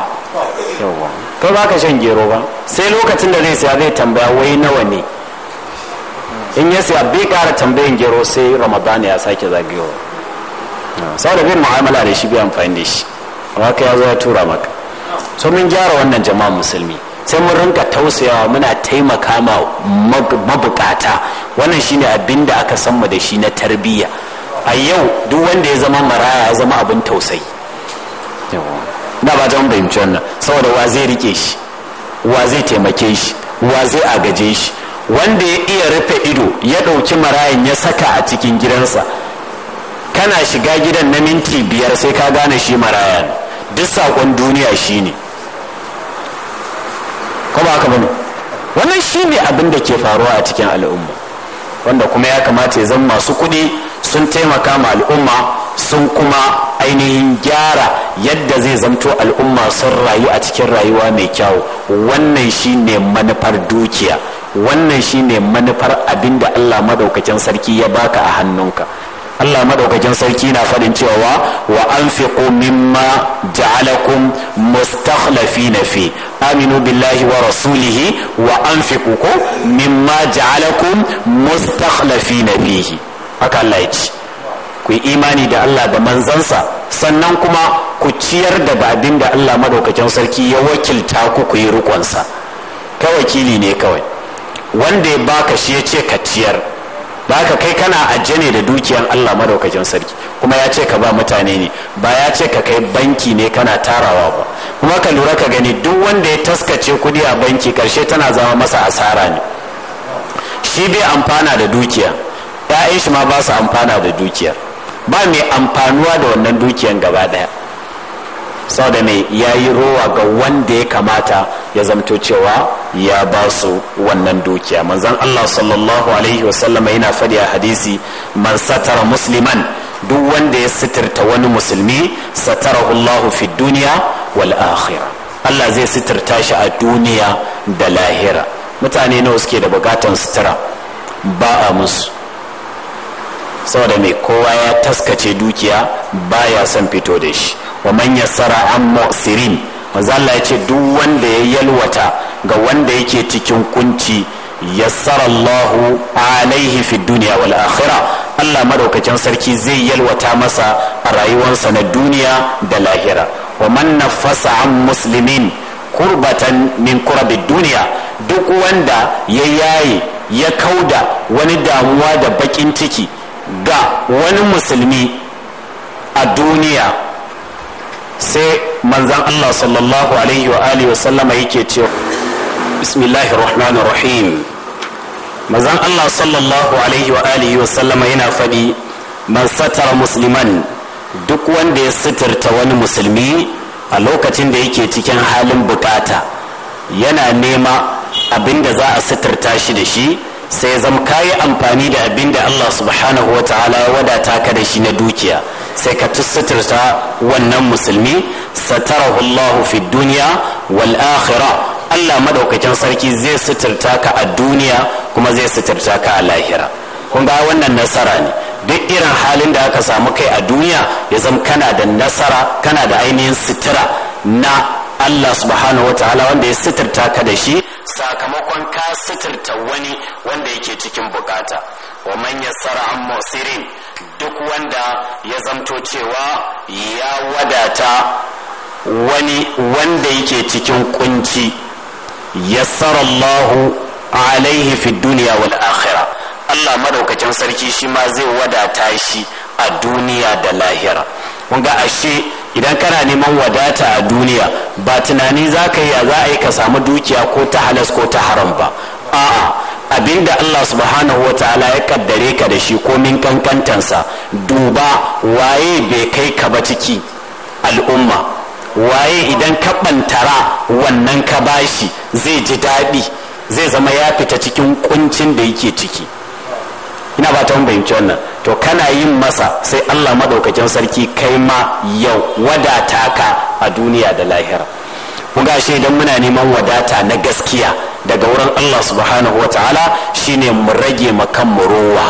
yawwa kai ba ka shan gero ba sai lokacin da zai siya zai tambaya wai nawa ne in ya siya bai kara tambayin gero sai ramadana ya sake zagayowa saboda bin mu'amala da shi bi amfani da shi amma ya zo ya tura maka so mun gyara wannan jama'a musulmi sai mun rinka tausayawa muna taimaka ma mabukata wannan shine abin da aka san mu da shi na tarbiyya a yau duk wanda ya zama maraya ya zama abin tausayi na ba jan fahimci wannan saboda wa zai rike shi wa zai taimake shi wa zai agaje shi wanda ya iya rufe ido ya ɗauki marayan ya saka a cikin gidansa kana shiga gidan na minti biyar sai ka gane shi maraya duk saƙon duniya shi ne kuma aka bane wannan shi ne abin da ke faruwa a cikin al'umma wanda kuma ya kamata ya zama masu kuɗi sun taimaka ma al'umma sun kuma ainihin gyara yadda zai zamto al'umma sun rayu a cikin rayuwa mai kyau wannan shi ne manufar dukiya wannan shi ne manufar abin da allah madaukakin sarki ya baka a hannunka Allah madaukakin sarki na faɗin cewa wa anfiqu mimma ja'alakum na fi aminu billahi wa rasulihi wa anfiqu ko mimma ja'alakum mustakhlafina fihi haka Allah ya ku yi imani da Allah da manzansa sannan kuma ku ciyar da badin da Allah madaukakin sarki ya wakilta ku ku yi rukunsa kai wakili ne kawai wanda ya baka shi ya ce ka ciyar ba ka kai kana ajje da dukiyar Allah madaukakin sarki kuma ya ce ka ba mutane ne ba ya ce ka kai banki ne kana tarawa ba kuma ka lura ka gani duk wanda ya taskace kudi a banki karshe tana zama masa asara ne shi bai amfana da dukiya ya'yan shi ma ba su amfana da dukiyar ba mai amfanuwa da wannan dukiyan gaba daya sau da mai ya yi rowa ga wanda ya kamata ya zamto cewa ya ba su wannan dukiya manzan allah sallallahu alaihi wasallam yana faɗi a hadisi man satara musliman duk wanda ya sitirta wani musulmi satara allahu fi duniya wal akhira allah zai sitirta shi a duniya da lahira mutane nawa suke da bukatan sutura ba a musu da mai kowa ya taskace dukiya baya son fito da shi wa man yassara an mu'sirin manzo Allah ya ce duk wanda ya yalwata ga wanda yake cikin kunci yassara Allah alaihi fi duniya wal akhirah Allah madaukakin sarki zai yalwata masa a rayuwarsa na duniya da lahira wa man nafasa an muslimin kurbatan min kurabi duniya duk wanda ya yaye ya kauda wani damuwa da bakin ciki ga wani musulmi a duniya sai manzan Allah sallallahu alaihi wa wa sallama yake ce bismillahir rahmanir rahim manzan Allah sallallahu alaihi wa wa sallama yana faɗi man satara musliman duk wanda ya suturta wani musulmi a lokacin da yake cikin halin bukata yana nema abinda za a suturta shi da shi sai zama kayi amfani da abinda Allah subhanahu wa ta'ala wadata ka da shi na dukiya sai ka wannan musulmi satarahu Allah fi duniya wal akhirah Allah madaukakin sarki zai suturta ka a duniya kuma zai suturta ka a lahira kun ga wannan nasara ne duk irin halin da aka samu kai a duniya ya zama kana da nasara kana da ainihin sutura na Allah subhanahu wa ta'ala wanda ya suturta ka da shi
sakamakon
ka suturta wani wanda yake cikin bukata wa man yassara an musirin duk wanda ya zamto cewa ya wadata wani wanda yake cikin kunci ya Allahu alaihi fi duniya wal akhira Allah madaukakin sarki shi ma zai wadata shi a duniya da lahira kun ga ashe idan kana neman wadata a duniya ba tunani za ka yi a za a yi ka samu dukiya ko ta halas ko ta haram ba a'a abinda Allah subhanahu wa ta'ala ya kaddare ka da shi komin kankantansa duba waye bai kai ka ba ciki al'umma waye idan ka bantara wannan ka bashi zai ji daɗi zai zama ya fita cikin kuncin da yake ciki ina ba ta fahimci wannan to kana yin masa sai Allah madaukakin sarki kai ma yau wadata ka a duniya da lahira ku gashi idan muna neman wadata na gaskiya daga wurin Allah subhanahu wataala shine mu rage makan mu rowa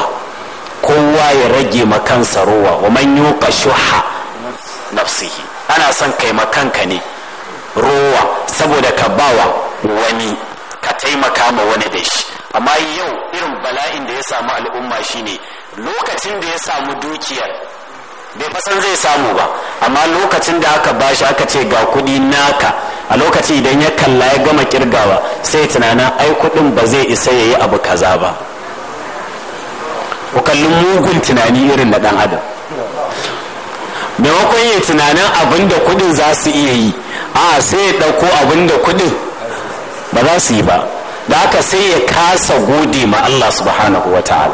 kowa ya rage makansa rowa wa man yuqa shuha nafsihi ana son kai makanka ne rowa saboda ka bawa wani ka taimaka ma wani da shi amma yau irin bala'in da ya samu al'umma shine lokacin da ya samu dukiyar bai fasan zai samu ba amma lokacin da aka bashi aka ce ga kudi naka a lokaci idan ya kalla ya gama kirgawa sai tunanin ai kudin ba zai isa ya yi abu kaza ba ku kalli mugun tunani irin na dan adam maimakon yi tunanin abin da kudin za su iya yi a sai ya ɗauko abin da kudin ba za su yi ba da aka sai ya kasa gode ma Allah subhanahu wa ta'ala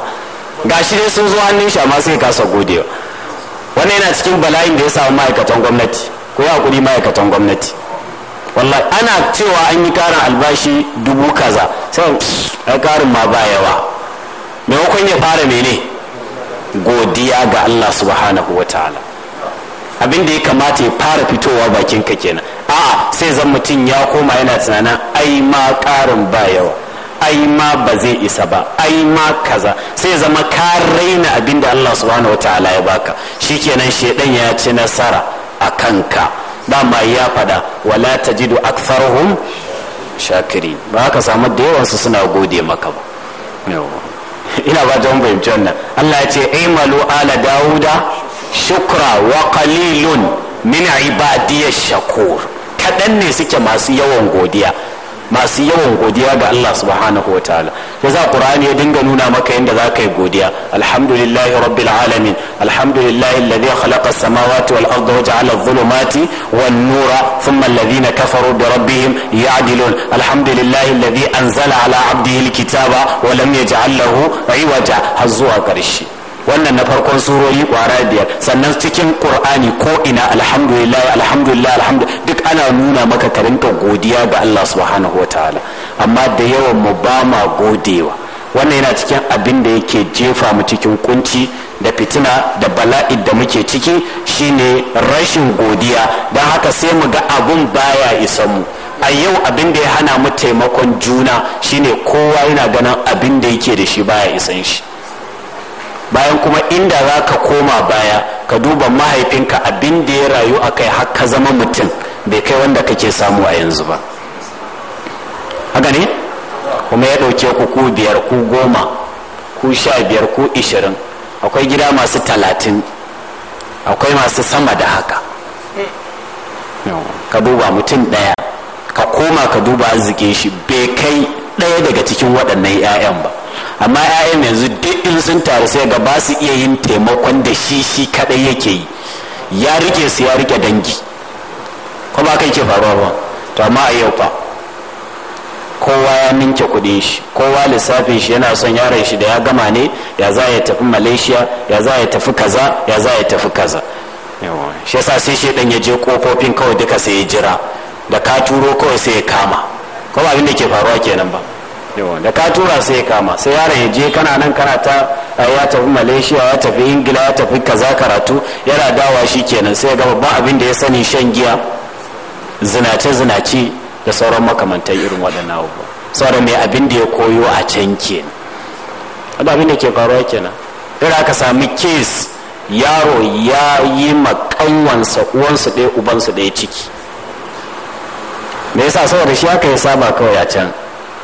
ga shi dai sun zo hannun shi amma sai ya kasa gode wannan yana cikin bala'in da ya samu ma'aikatan gwamnati ko ya hakuri ma'aikatan gwamnati wallahi ana cewa an yi karin albashi dubu kaza sai a karin ma ba yawa maimakon ya fara mene godiya ga Allah subhanahu wa ta'ala abin da ya kamata ya fara fitowa bakin ka kenan a'a sai zan mutum ya koma yana tunanin ai ma karin ba yawa ai ma ba zai isa ba ai ma kaza sai zama ka raina abin da Allah subhanahu wa ta'ala ya baka shikenan shedan ya ci nasara a kanka ma ya fada wala tajidu aktharuhum shakiri ba ka samu da yawansu suna gode maka ba ina ba ta fahimci wannan Allah ya ce malu ala dawuda shukra wa qalilun min ibadiyash shakur kadan ne suke masu yawan godiya masu yawan godiya ga Allah subhanahu wa ta'ala ya za ya dinga nuna maka yadda za ka yi godiya alhamdulillahi rabbil alamin alhamdulillahi alladhi khalaqa as-samawati wal arda wa ja'ala adh-dhulumati wan nura thumma alladhina kafaru bi rabbihim ya'dilun alhamdulillahi alladhi anzala ala 'abdihi al-kitaba wa lam yaj'al lahu 'iwaja har zuwa karshe wannan na farkon surori kwara biyar sannan cikin qur'ani ko ina alhamdulillah alhamdulillah alhamdulillah duk ana nuna maka ka rinka godiya ga Allah subhanahu wataala amma da yawan mu ba ma godewa wannan yana cikin abin da yake jefa mu cikin kunci da fitina da bala'in da muke ciki shine rashin godiya don haka sai mu ga abun baya isan mu a yau abin da ya hana mu taimakon juna shine kowa yana ganin abin da yake da shi baya isan shi bayan kuma inda za ka koma baya ka duba mahaifinka abin da ya rayu a kai haka zama mutum bai kai wanda kake samu a yanzu ba haka ne kuma ya ɗauke ku ku biyar ku goma ku sha biyar ku ishirin akwai gida masu talatin akwai masu sama da haka ka duba mutum ɗaya ka koma ka duba arzikin shi bai kai ɗaya daga cikin waɗannan 'ya'yan ba amma 'ya'yan yanzu duk in sun taru sai ga ba su iya yin taimakon da shi shi kaɗai yake yi ya rike su ya rike dangi kuma kai ke faruwa ba to amma a yau fa kowa ya ninke kuɗin shi kowa lissafin shi yana son yaron shi da ya gama ne ya za ya tafi malaysia ya za ya tafi kaza ya za ya tafi kaza shi yasa sai shi ya je kofofin kawai duka sai ya jira da ka turo kawai sai ya kama kuma abin da ke faruwa kenan ba da ka tura sai kama sai yaron ya je kana nan kana ta ya tafi malaysia ya tafi ingila ya tafi kaza karatu yana dawa shi kenan sai ga babban abin da ya sani shan giya zinace zinace da sauran makamantan irin waɗannan abubuwa sauran mai abin da ya koyo a can kenan wanda abin da ke faruwa kenan irin aka sami kes yaro ya yi makanwansa uwansu ɗaya ubansu ɗaya ciki me yasa saboda shi aka yi saba kawai a can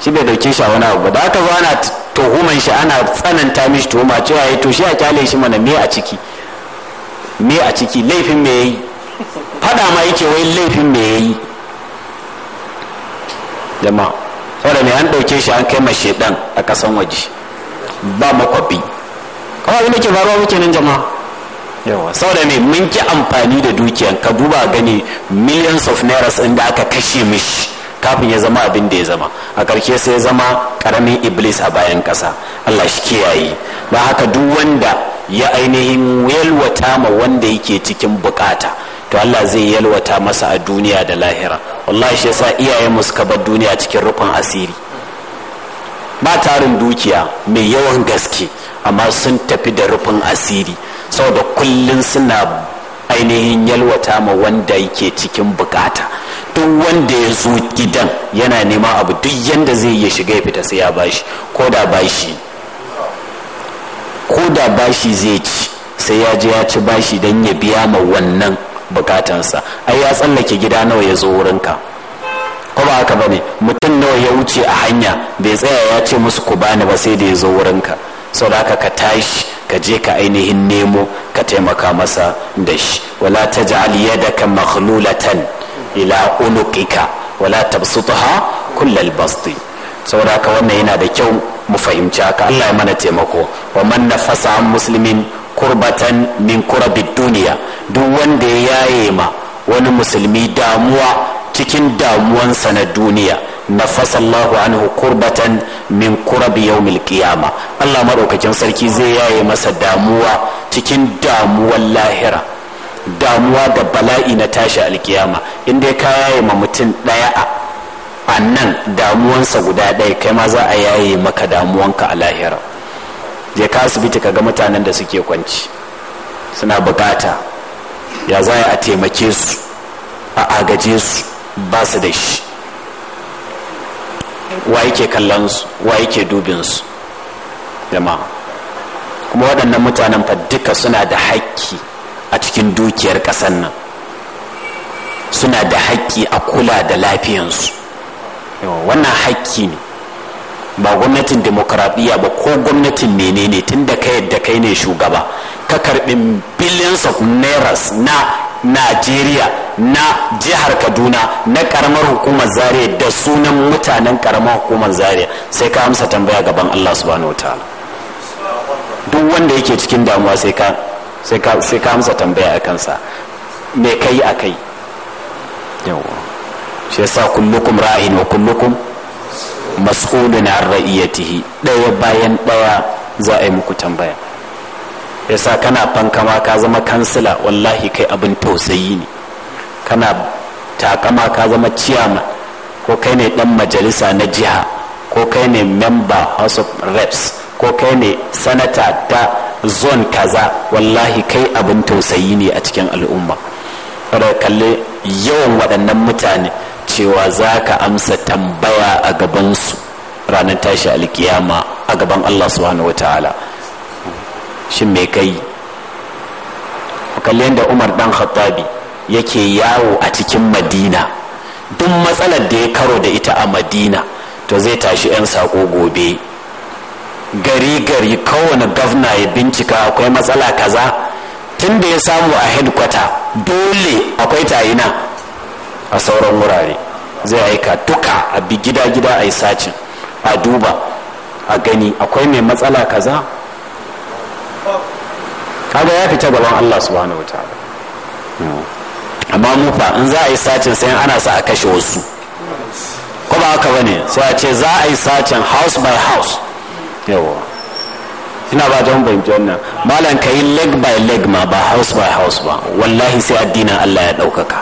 shi bai dauki shi a wani abu da haka zo ana tuhuman shi ana tsananta mishi tuhuma cewa ya eh, to shi a kyale shi mana me a ciki me a ciki laifin me yayi fada ma yake wai laifin me yayi jama'a saboda me an dauke shi an kai ma shedan a kasan waje ba makwabi kawai abin da ke faruwa muke nan jama'a yawa saboda me mun ki amfani da dukiyan ka duba gani millions of naira sun da aka kashe mishi kafin ya zama abin da ya zama a ƙarshe sai ya zama ƙaramin iblis a bayan ƙasa allah shi kiyaye ba haka duk wanda ya ainihin yalwata ma wanda yake cikin bukata to allah zai yalwata masa a duniya da lahira wallahi shi yasa mu suka bar duniya cikin rufin asiri ba tarin dukiya mai yawan gaske amma sun tafi da rufin asiri saboda kullum suna ainihin yalwata ma wanda yake cikin bukata duk wanda ya zo gidan yana nema abu duk yanda zai iya shiga ya fita sai ya bashi ko da bashi ko da bashi zai ci sai ya je ya ci bashi don ya biya ma wannan bukatansa ai ya tsallake gida nawa ya zo wurinka ko ba haka bane mutum nawa ya wuce a hanya bai tsaya ya ce musu ku bani ba sai da ya zo wurinka sau da haka ka tashi ka je ka ainihin nemo ka taimaka masa da shi wala ta ja'al yadaka makhlulatan ila ulukika wala tabsutha kullal basti saboda haka wannan yana da kyau mu fahimci haka Allah ya mana taimako wa man nafasa muslimin kurbatan min kurabid duniya duk wanda ya yaye ma wani musulmi damuwa cikin damuwansa na duniya nafasa Allahu anhu kurbatan min kurabi yawmil qiyama Allah madaukakin sarki zai yaye masa damuwa cikin damuwar lahira damuwa da bala'i na tashi alkiyama in dai ka yaye ma mutum ɗaya a nan damuwansa guda ɗaya kai ma za a yaye maka damuwanka a lahira je ka asibiti ka ga mutanen da suke kwanci suna bukata ya za a taimake su a agaje su ba su da shi wa yake kallon su wa yake dubin su kuma waɗannan mutanen fa duka suna da haƙƙi a cikin dukiyar ƙasar nan suna da haƙƙi a kula da lafiyansu wannan haƙƙi ne ba gwamnatin demokuraɗiyya ba ko gwamnatin menene tun da kai yadda kai ne shugaba ka karɓi billions of nairas na najeriya na jihar kaduna na ƙaramar hukumar zaria da sunan mutanen ƙaramar hukumar zaria sai ka amsa tambaya gaban allah subhanahu wa ta'ala duk wanda yake cikin damuwa sai ka sai ka amsa tambaya a kansa me kai a kai yawa shi yasa kullukum ra'in wa kullukum mas'ulun an ra'iyatihi daya bayan daya za a yi muku tambaya yasa kana fankama ka zama kansila wallahi kai abin tausayi ne kana takama ka zama ciyama ko kai ne dan majalisa na jiha ko kai ne member house of reps ko kai ne sanata ta zon kaza wallahi kai abin tausayi ne a cikin al'umma kada kalle yawan waɗannan mutane cewa za ka amsa tambaya a gabansu ranar tashi alkiyama a gaban allah subhanahu wa ta'ala shin me kai kalli yadda umar dan khattabi yake yawo a cikin madina duk matsalar da ya karo da ita a madina to zai tashi 'yan sako gobe gari gari kowane gwamna ya bincika akwai matsala kaza tun da ya samu a headquarter dole akwai tayina a sauran wurare zai aika duka a bi gida gida a yi sacin a duba a gani akwai mai matsala kaza kaga ya fita gaban allah subhanahu wa ta'ala amma mufa in za a yi sacin sai ana sa a kashe wasu ko ba haka bane sai a ce za a yi sacin house by house yawa ina ba jan banki wannan malam ka yi leg by leg ma ba house by house ba wallahi sai addinin allah ya ɗaukaka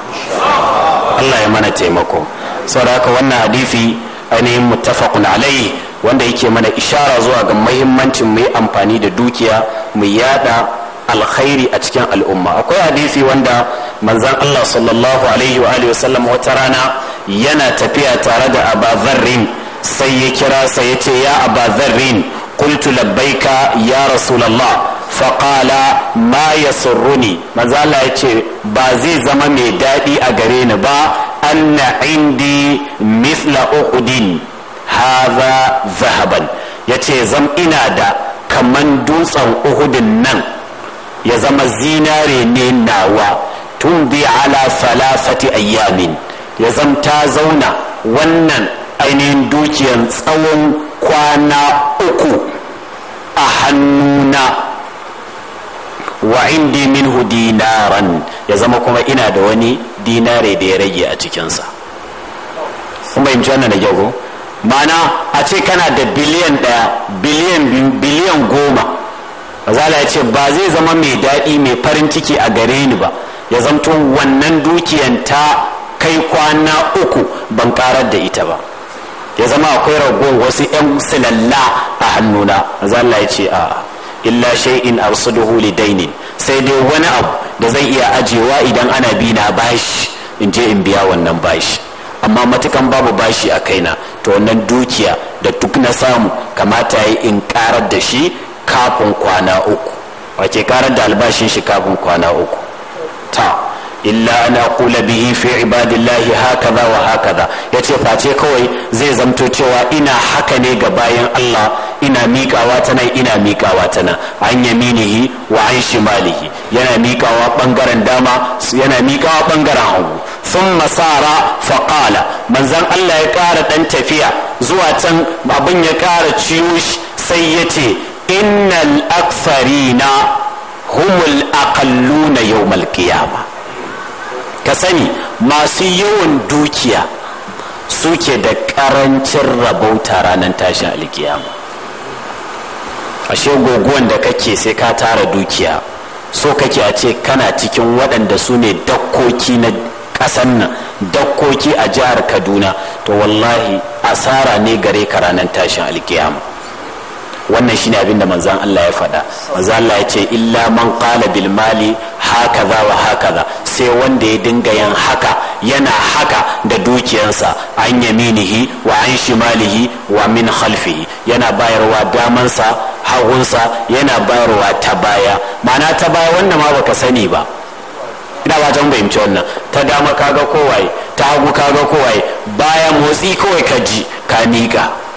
allah ya mana taimako saboda haka wannan hadisi ainihin muttafaqun alai wanda yake mana ishara zuwa ga muhimmancin mu amfani da dukiya mu yada alkhairi a cikin al'umma akwai hadisi wanda manzan Allah sallallahu alaihi wa alihi wasallam wata rana yana tafiya tare da Abu Dharrin sai ya kira sa ya ce ya aba zarrin kultu labbaika ya rasulallah faƙala ma ya surruni mazala ya ce ba zai zama mai daɗi a gare ni ba anna indi misla uhudin haza zahaban ya ce zam ina da kaman dutsen uhudin nan ya zama zinare ne nawa tun bi ala falafati ayyamin ya zam ta zauna wannan ainihin dukiyan tsawon kwana uku a hannuna wa indi minhu dinaran ya zama kuma ina da wani dinare da ya rage a cikinsa kun fahimci wannan da kyau mana a ce kana da biliyan daya biliyan biyu biliyan goma mazala ya ce ba zai zama mai daɗi mai farin ciki a gare ni ba ya zamto wannan dukiyan ta kai kwana uku ban karar da ita ba ya zama akwai ragowar wasu 'yan silalla a hannuna zalla ya ce a illa in arsuduhu lidaini dainin sai dai wani abu da zai iya ajewa idan ana bi na bashi in je in biya wannan bashi amma matukan babu bashi a kaina to wannan dukiya da duk na samu kamata ya in karar da shi kafin kwana uku wake karar da albashin shi kafin kwana uku ta illa ana kula bihi fi ibadillahi hakaza wa hakaza yace face kawai zai zamto cewa ina haka ne ga bayan Allah ina miƙawa ta nan ina miƙawa ta nan an yaminihi wa an shimalihi yana miƙawa ɓangaren dama yana miƙawa bangaren hagu sun masara faƙala manzan Allah ya ƙara ɗan tafiya zuwa can abin ya ƙara ciwo sai ya ce innal aksarina humul aqalluna yawmal qiyamah ka sani masu yawan dukiya suke da karancin rabauta ranar tashin alkiyama ashe goguwan da kake sai ka tara dukiya so kake a ce kana cikin waɗanda su ne dakkoki na ƙasan nan dakkoki a jihar kaduna to wallahi asara ne gare ka ranar tashin alkiyama wannan shine abin da manzan Allah ya faɗa manzan Allah ya ce illa man qala bil mali hakaza wa za sai wanda ya dinga yin haka yana haka da dukiyansa an yaminihi wa an shimalihi wa min khalfihi yana bayarwa damansa hagunsa yana bayarwa ta baya ma'ana ta baya wannan ma baka sani ba ina ba ta fahimci wannan ta dama kaga kowai ta hagu kaga kowai baya motsi kawai ka ji ka miƙa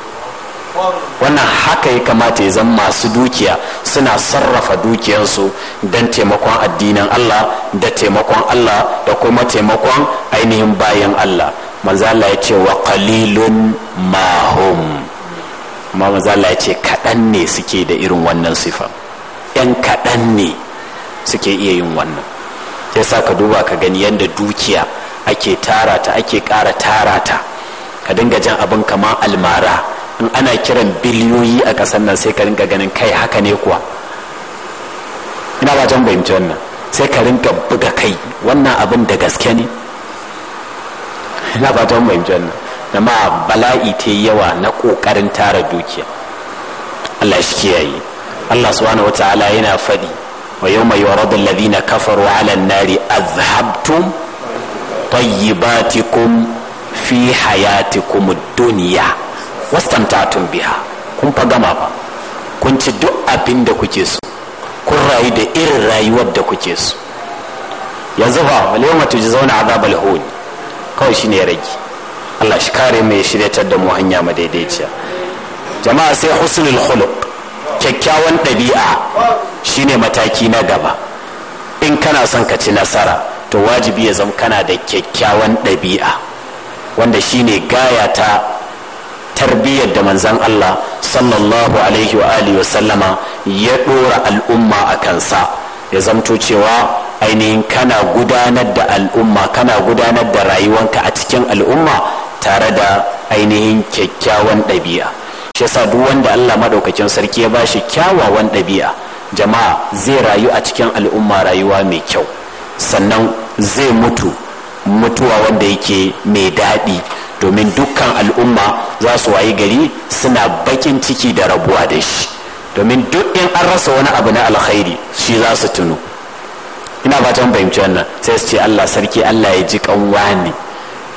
wannan haka ya kamata ya zama masu dukiya suna sarrafa dukiyansu don taimakon addinin allah da taimakon allah da kuma taimakon ainihin bayan allah manzala ya ce wa qalilun mahum ma manzala ya ce kaɗan ne suke da irin wannan sifa 'yan kaɗan ne suke iya yin wannan sai sa ka duba ka gani yadda dukiya ake tara ta ake ƙara tara ta ka dinga jan abin kama almara in ana kiran biliyoyi a ƙasar nan sai ka rinka ganin kai haka ne kuwa ina ba can fahimci wannan sai ka rinka buga kai wannan abin da gaske ne ina ba can fahimci wannan ma bala'i ta yawa na ƙoƙarin tara dukiya Allah shi kiyaye Allah subhanahu wata'ala yana faɗi wa yawma yuradu alladhina kafaru 'ala an-nari azhabtum tayyibatikum fi hayatikum ad-dunya tun biha kun fa gama ba kun ci duk abin da kuke so kun rayu da irin rayuwar da kuke so yanzu fa wal yawma tujzauna azabal hun kawai shine ya rage Allah shi kare mai shiryatar da mu hanya ma madaidaiciya jama'a sai husnul khuluq kyakkyawan ɗabi'a shine mataki na gaba in kana son ka ci nasara to wajibi ya zama kana da kyakkyawan ɗabi'a wanda shine gaya ta tarbiyyar da manzan Allah sallallahu alaihi wa alihi wa sallama ya ɗora al'umma a kansa ya zamto cewa ainihin kana gudanar da al'umma kana gudanar da rayuwanka a cikin al'umma tare da ainihin kyakkyawan ɗabi'a shi yasa duk wanda Allah madaukakin sarki ya bashi kyawawan ɗabi'a jama'a zai rayu a cikin al'umma rayuwa mai kyau sannan zai mutu mutuwa wanda yake mai daɗi domin dukkan al'umma za su wayi gari suna bakin ciki da rabuwa da shi domin duk in an rasa wani abu na alkhairi shi za su tuno ina fatan fahimci wannan sai su ce allah sarki allah ya ji kanwa ne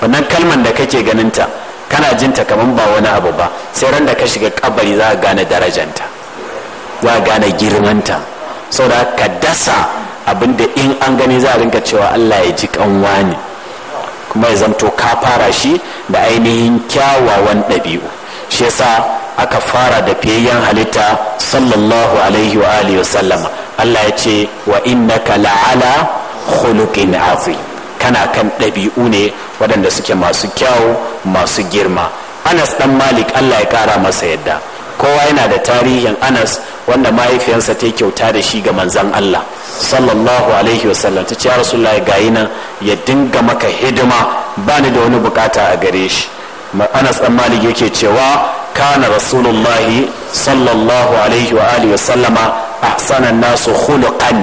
wannan kalman da kake ganinta kana jinta kaman ba wani abu ba sai ran da ka shiga kabari za ka gane darajanta za ka gane girmanta saboda ka dasa abinda in an gani za a rinka cewa allah ya ji kanwa ne mai ya zamto ka fara shi da ainihin kyawawan ɗabi'u shi yasa aka fara da fiyayyen halitta sallallahu alaihi wa alihi sallama Allah ya ce wa innaka la'ala khuluqin azim kana kan ɗabi'u ne waɗanda suke masu kyawu masu girma Anas dan Malik Allah ya kara masa yadda kowa yana da tarihin anas wanda mahaifiyarsa ta kyauta da shi ga manzan allah sallallahu alaihi wasallam ta ce ya rasulullahi gayi nan ya dinga maka hidima ba ni da wani bukata a gare shi anas dan malik yake cewa kana rasulullahi sallallahu alaihi wa alihi wasallama ahsanan nasu khuluqan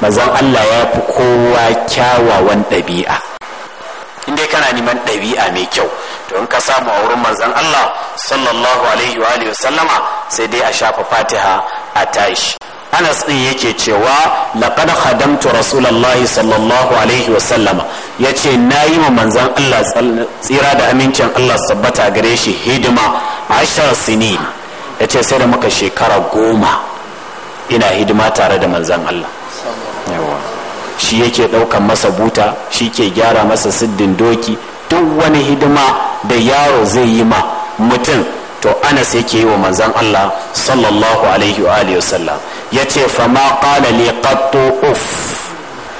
manzan allah ya fi kowa kyawawan ɗabi'a in dai kana neman ɗabi'a mai kyau to in ka samu a wurin manzan Allah sallallahu alaihi wa sallama sai dai a shafa Fatiha a tashi Anas din yake cewa laqad khadamtu rasulullahi sallallahu alaihi wa sallama yace nayi wa manzan Allah tsira da amincin Allah sabbata gare shi hidima ashar sinin yace sai da muka shekara goma ina hidima tare da manzan Allah shi yake ɗaukan masa buta shi ke gyara masa siddin doki duk wani hidima da yaro zai yi ma mutum to anas yake yi wa manzan allah sallallahu alaihi wa alihi wasallam ya ce fama qala li qattu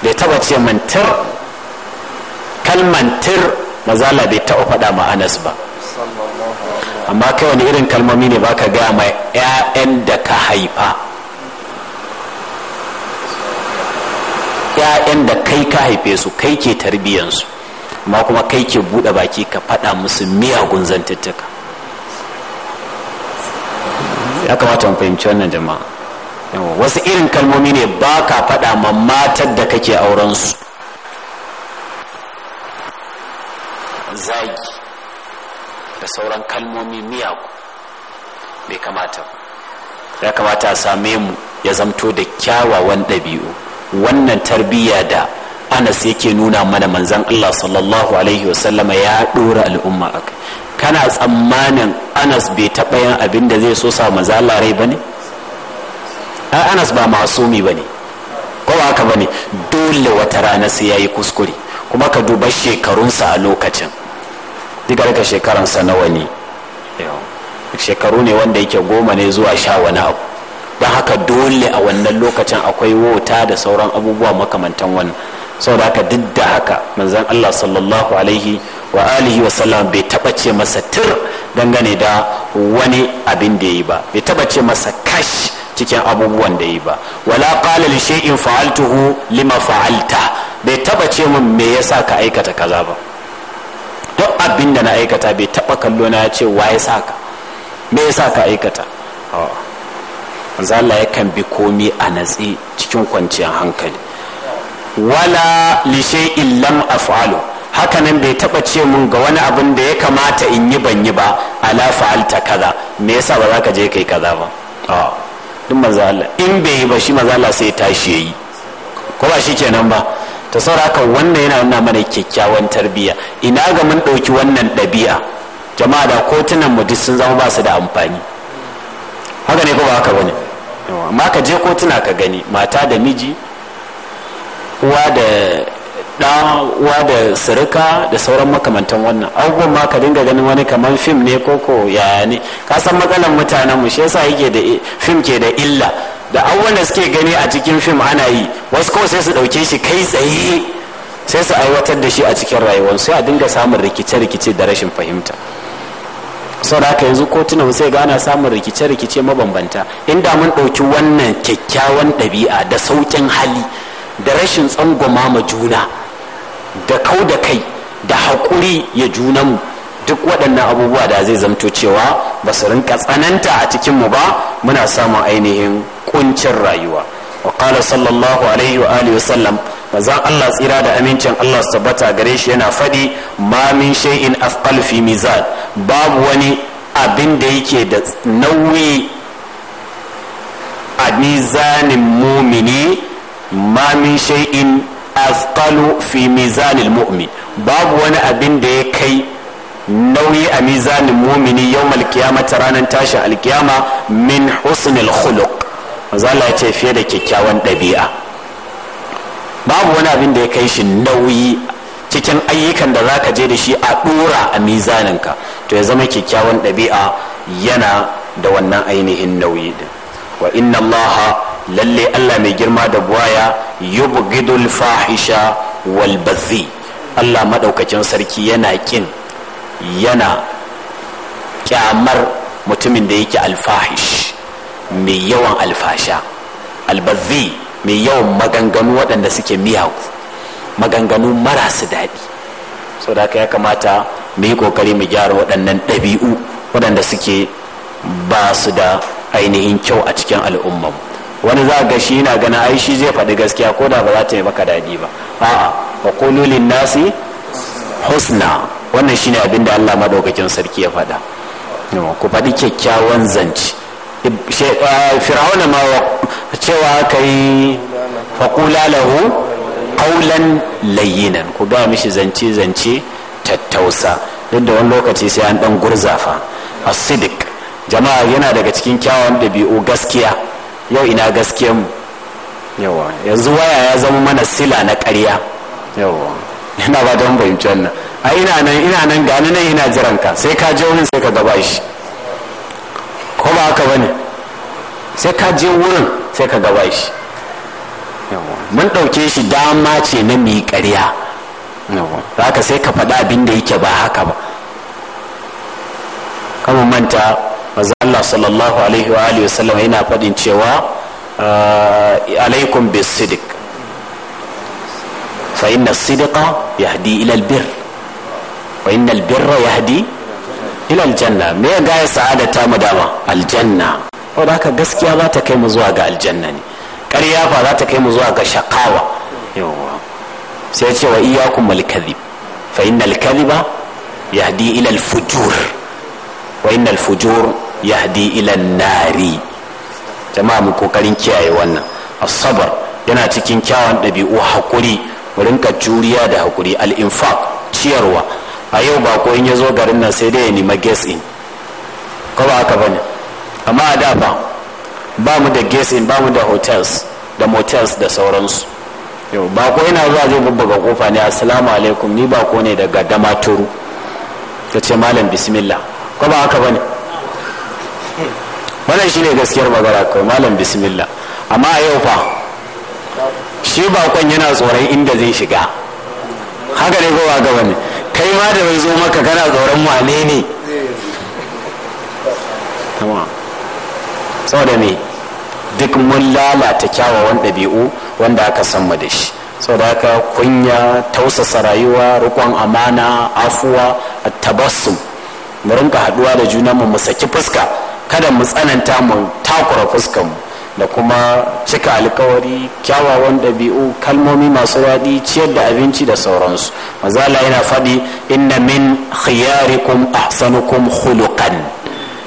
bai taba ce mantir kalmantir mazala bai taba faɗa ma anas ba amma kai wani irin kalmomi ne baka gaya ma 'ya'yan da ka haifa 'ya'yan da kai ka haife su kai ke tarbiyyansu amma kuma kai ke buɗe baki ka faɗa musu miyagun zantattaka ya kamata mu fahimci wannan jama'a wasu irin kalmomi ne ba ka faɗa ma matar da kake auren su zagi da sauran kalmomi miyagu bai kamata ya kamata same mu ya zamto da kyawawan ɗabi'u wannan tarbiyya da anas yake nuna mana manzan allah sallallahu alaihi wasallama ya ɗora al'umma a kai kana tsammanin anas bai taɓa yin abin da zai so sa maza larai ba ne anas ba masumi ba ne ko haka ba ne dole wata rana sai ya yi kuskure kuma ka duba shekarunsa a lokacin duk daga shekaransa nawa ne shekaru ne wanda yake goma ne zuwa sha wani abu da haka dole a wannan lokacin akwai wuta da sauran abubuwa makamantan wannan saboda haka duk da haka manzan Allah sallallahu alaihi wa alihi wa sallam bai taba ce masa tir dangane da wani abin da yi ba bai taba ce masa kash cikin abubuwan da yi ba wala qala li shay'in fa'altuhu lima fa'alta bai taba ce min me yasa ka aikata kaza ba duk abin da na aikata bai taba kallo na ya ce wa yasa ka me yasa ka aikata manzo Allah yakan bi komi a natsi cikin kwanciyar hankali wala li shay'in lam af'alu hakanan bai taba ce mun ga wani abin da ya kamata in yi ban yi ba ala fa'alta kaza me yasa ba za ka je kai kaza ba duk manzo Allah in bai yi ba shi manzo Allah sai tashi yayi ko ba shi kenan ba ta sauraka wannan yana nuna mana kyakkyawan tarbiyya ina ga mun ɗauki wannan ɗabi'a jama'a da kotunan mu duk sun zama ba su da amfani haka ne ko ba haka bane ma ka je kotuna ka gani mata da miji uwa da ɗan uwa da sirika da sauran makamantan wannan abubuwan ma ka dinga ganin wani kamar fim ne ko ko yaya ne ka san matsalan mutanen mu shi yasa yake da fim ke da illa da abubuwan da suke gani a cikin fim ana yi wasu ko sai su dauke shi kai tsaye sai su aiwatar da shi a cikin rayuwar sai a dinga samun rikice-rikice da rashin fahimta sau da yanzu kotunan sai gana samun rikice-rikice mabambanta inda mun ɗauki wannan kyakkyawan ɗabi'a da saukin hali da rashin tsangwama ma juna da kau da kai da haƙuri ya juna mu duk waɗannan abubuwa da zai zamto cewa ba su rinka tsananta a cikinmu ba muna samun ainihin ƙuncin rayuwa wa sallallahu alaihi wa alihi manzon Allah tsira da amincin Allah su tabbata gare shi yana faɗi ma min shay'in afqal fi mizan babu wani abin da yake da nauyi a mizanin mumini ma min shay'in afqalu fi mizanil mu'min babu wani abin da ya kai nauyi a mizanin mumini yau malkiyamata ranar tashin alkiyama min husnil khuluq ya ce fiye da kyakkyawan ɗabi'a babu wani abin da ya kai shi nauyi cikin ayyukan da za ka je da shi a dora a mizaninka to ya zama kyakkyawan ɗabi'a yana da wannan ainihin nauyi din wa inna allaha lalle allah mai girma da buwaya yubghidul fahisha wal bazi allah maɗaukacin sarki yana kin yana kyamar mutumin da yake alfahish mai yawan alfasha albazi mai yawan maganganu waɗanda suke miyagu maganganu marasu daɗi so da ya kamata mu yi ƙoƙari mu gyara waɗannan ɗabi'u waɗanda suke ba su da ainihin kyau a cikin al'ummar wani za a ga shi yana gana ai shi zai faɗi gaskiya ko da ba za ta yi maka daɗi ba a'a wa qulu nasi husna wannan shine abin da Allah madaukakin sarki ya faɗa ku faɗi kyakkyawan zance Uh, fir'auna ma cewa ka yi faƙula lahu ƙaulan layyinan ku ba mishi zance zance tattausa duk da wani lokaci sai an ɗan gurzafa sidik jama'a yana daga cikin kyawun ɗabi'u gaskiya yau ina gaskiyan mu yawa yanzu waya ya zama mana sila na ƙarya yawa yana ba don fahimci wannan a ina nan ina nan gani nan ina jiranka sai ka je wani sai ka gaba shi ko ba haka bane sai ka je wurin sai ka gaba shi mun ɗauke shi dama ce na mi ƙarya ka sai ka faɗa abin da yake ba haka ba kama manta maza Allah sallallahu alaihi wa alihi wasallam yana faɗin cewa ah, alaikum bis sidik fa inna ya hadi ilal albir wa inna albirra hadi. ila aljanna me ya gaya sa'ada ta mu dama aljanna da haka gaskiya za ta kai mu zuwa ga aljanna ne ƙarya fa za ta kai mu zuwa ga shakawa yawa sai ce wa iyakum alkadhib fa innal ya hadi ila alfujur wa alfujur ya hadi ila nari jama'a mu kokarin kiyaye wannan asabar yana cikin kyawun ɗabi'u hakuri mu rinka juriya da hakuri al-infaq ciyarwa a yau ko in ya zo garin nan sai dai ya nima gas in ko ba haka bane amma a da fa ba mu da gas in ba mu da hotels da motels da sauransu yau ko ina zuwa zai bubbuga kofa ne assalamu alaikum ni ko ne daga damaturu ta ce malam bismillah ko ba haka bane wannan ne gaskiyar magana kawai malam bismillah amma a yau fa shi bakon yana tsoron inda zai shiga haka ne ko ba haka bane kai ma da bai zo maka kana tsoron wane ne saboda me duk mun lalata kyawawan ɗabi'u wanda aka san mu da shi saboda haka kunya tausasa rayuwa rikon amana afuwa tabassum mu rinka haɗuwa da junanmu mu saki fuska kada mu tsananta mu takura fuskanmu da kuma cika alkawari kyawawan ɗabi'u kalmomi masu wadi ciyar da abinci da sauransu mazala yana faɗi inna min khiyarikum ahsanukum khuluqan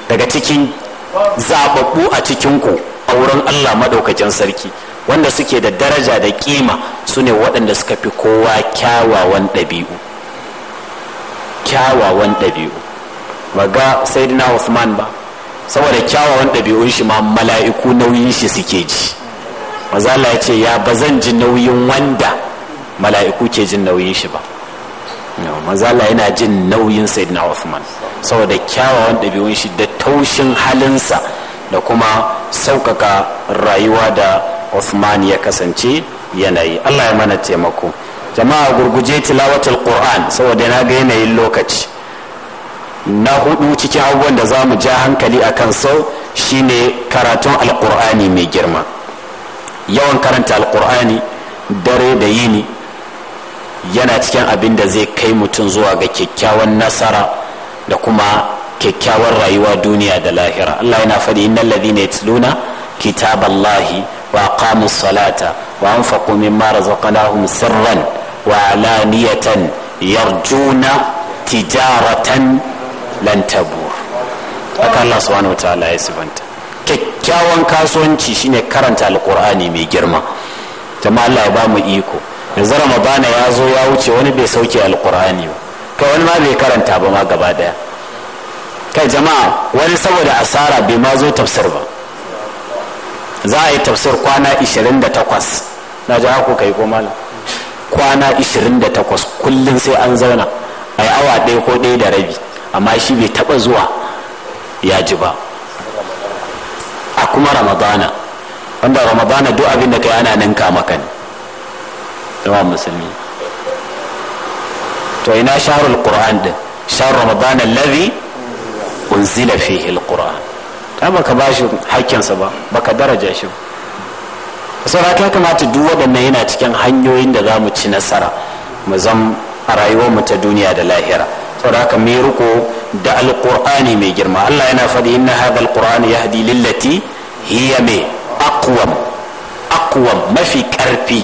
daga cikin zababbu a cikinku a wurin allah maɗaukacin sarki wanda suke da daraja da kima su ne waɗanda suka fi kowa kyawawan ɗabi'u kyawawan ɗabi'u ba ga sayyidina usman ba saboda kyawawan ɗabi'un shi ma mala'iku nauyin shi suke ji mazala ya ce ya ba zan ji nauyin wanda mala'iku ke jin nauyin shi ba mazala yana jin nauyin sayyidina Uthman saboda kyawawan ɗabi'un shi da taushin halinsa da kuma sauƙaƙa rayuwa da Uthman ya kasance yanayi Allah ya mana taimako jama'a gurguje tilawatul Qur'an saboda na ga yanayin lokaci na hudu cikin abubuwan da za mu ja hankali a kan sau shine karatun alkur'ani mai girma yawan karanta alkur'ani dare da yini yana cikin abin da zai kai mutum zuwa ga kyakkyawan nasara da kuma kyakkyawar rayuwa duniya da lahira allah yana faɗi ne ladhina yatluna kitaballahi wa aqamus salata wa anfaqu mimma razaqnahum sirran wa alaniyatan yarjuna tijaratan lan tabur haka Allah subhanahu wataala ya sifanta kyakkyawan kasuwanci shine karanta alkur'ani mai girma jama'a Allah ba mu iko yanzu ramadana ya zo ya wuce wani bai sauke alkur'ani ba kai wani ma bai karanta ba ma gaba daya kai jama'a wani saboda asara bai ma zo tafsir ba za a yi tafsir kwana 28 na ji haku kai ko malam kwana 28 kullum sai an zauna a yi awa ɗaya ko ɗaya da rabi amma shi bai taba zuwa ya ji ba a kuma ramadana wanda ramadana duk abin da kai ana ninka maka ne yawan musulmi to ina shaharul qur'an din shahar ramadana alladhi unzila fihi alquran ta baka bashi hakkinsa ba baka daraja shi ba saura ta kamata duk waɗannan yana cikin hanyoyin da za mu ci nasara mu zam a rayuwarmu ta duniya da lahira saboda haka mai da alqur'ani mai girma Allah yana faɗi inna hadha alqur'ani yahdi lillati hiya mai aqwam aqwam mafi karfi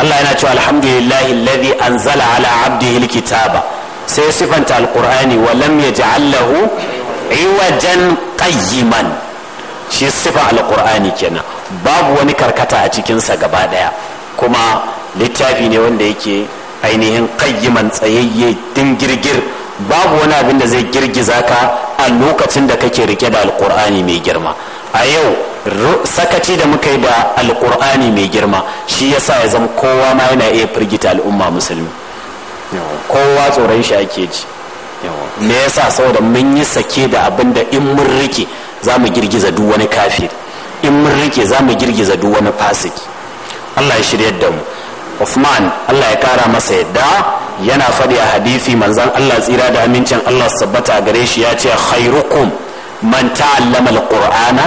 Allah yana cewa alhamdulillahi alladhi anzala ala abdihi alkitaba sai sifanta alqur'ani wa lam allahu lahu wajen qayyiman shi sifa alqur'ani kenan babu wani karkata a cikinsa gaba daya kuma littafi ne wanda yake ainihin qayyiman tsayayye girgir. babu wani abin da zai girgiza ka a lokacin da kake rike da alkur'ani mai girma a yau sakaci da muka yi da alkur'ani mai girma shi ya sa ya zama kowa ma yana iya firgita al'umma musulmi kowa tsoron shi ake ji me ya sa saboda mun yi sake da abin da in mun rike za mu girgiza duk wani kafir in mun rike za mu girgiza duk wani fasiki allah ya shirya da mu Uthman Allah ya kara masa yadda yana faɗi a hadisi manzan Allah tsira da amincin Allah sabbata gare shi ya ce khairukum man ta'allama alqur'ana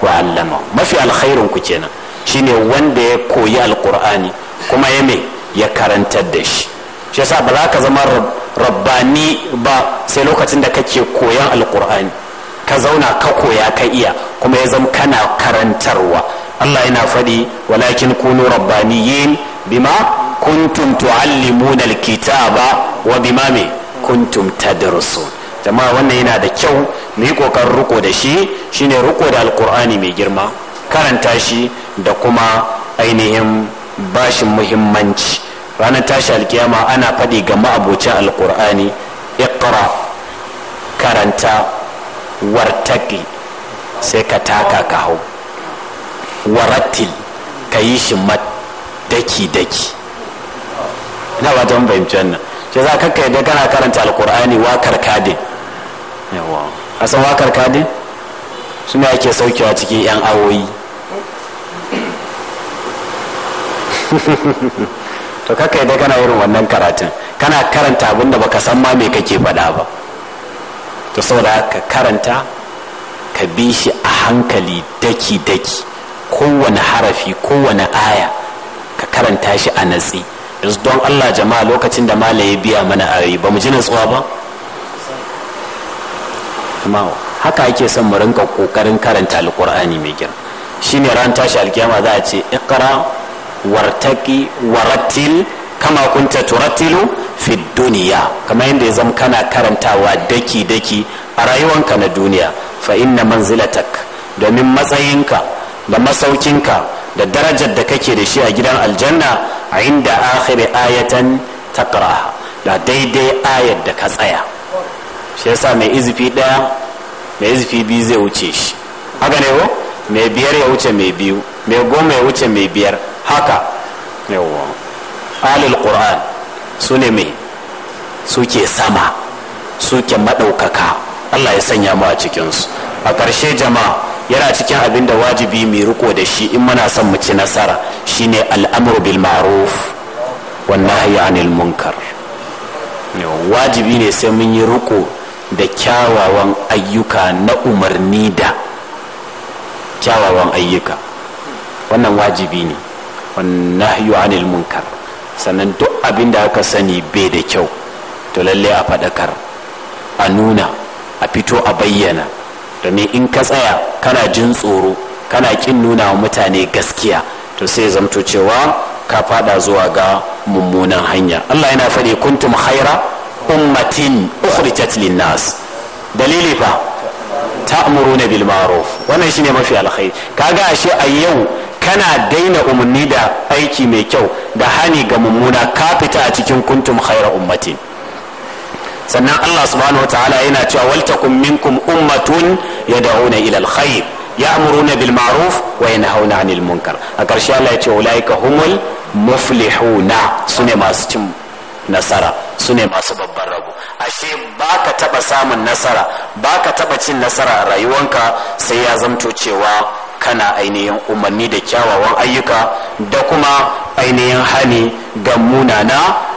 wa 'allama mafi alkhairun ku kenan shine wanda ya koyi alqur'ani kuma ya me ya karantar da shi shi yasa ba za ka zama rabbani ba sai lokacin da kake koyan alqur'ani ka zauna ka koya ka iya kuma ya zama kana karantarwa Allah yana faɗi walakin kunu rabbaniyin bima kuntum tuallimuna alkitaba wa bima me kuntum tadrusun jama'a wannan yana da kyau mu yi kokarin riko da shi shine riko da alkur'ani mai girma karanta shi da kuma ainihin bashin muhimmanci ranar tashi alkiyama ana faɗi ga ma'abocin alkur'ani ikra karanta wartaki sai ka taka ka hau warattil ka yi shi mat daki-daki na ba don fahimci wannan shi za kakka yadda kana karanta alkur'ani wakar kadin yawa a san wakar kadin su ne ake saukewa cikin 'yan awoyi to kakka yadda kana irin wannan karatun kana karanta abinda baka san ma me kake faɗa ba to saboda ka karanta ka bi shi a hankali daki-daki kowane harafi kowane aya karanta shi a natsi yanzu don allah jama'a lokacin da malam ya biya mana ayi ba mu ji natsuwa ba haka ake son mu rinka kokarin karanta alkur'ani mai girma shine ran tashi alkiyama za a ce iqra wartaki warattil kama kunta turatilu fi duniya kamar yadda ya zama kana karantawa daki daki a rayuwanka na duniya fa inna manzilatak domin matsayinka da masaukinka da darajar da kake da shi a gidan aljanna a inda akhiri ayatan taqraha da daidai ayar da ka tsaya shi yasa mai izifi daya mai izifi biyu zai wuce shi haka ne ko mai biyar ya wuce mai biyu mai goma ya wuce mai biyar haka yawwa alil qur'an su ne mai suke sama suke maɗaukaka allah ya sanya mu a cikinsu a ƙarshe jama'a yana cikin abin da wajibi mai riko da shi in muna son mu ci nasara shine al'amru bil ma'ruf wan nahyi anil munkar wajibi ne sai mun yi riko da kyawawan ayyuka na umarni da kyawawan ayyuka wannan wajibi ne wan nahyi anil munkar sannan duk abin da aka sani bai da kyau to lalle a faɗakar a nuna a fito a bayyana domin in ka tsaya kana jin tsoro kana kin nuna wa mutane gaskiya to sai zamto cewa ka fada zuwa ga mummunan hanya Allah yana faɗi kuntum khaira ummatin ukhrijat linnas dalili fa ta'muruna bil ma'ruf wannan shine mafi alkhairi kaga ashe a yau kana daina umarni da aiki mai kyau da hani ga mummuna ka fita a cikin kuntum khaira ummatin sannan Allah subhanahu wataala yana cewa waltakum minkum ummatun yad'una ila alkhair ya'muruna bil ma'ruf wa yanhauna 'anil munkar a karshe Allah ya ce ulaika humul muflihuna sune masu cin nasara sune masu babban rabo ashe baka taba samun nasara baka taba cin nasara a rayuwanka sai ya zamto cewa kana ainihin umarni da kyawawan ayyuka da kuma ainihin hani ga munana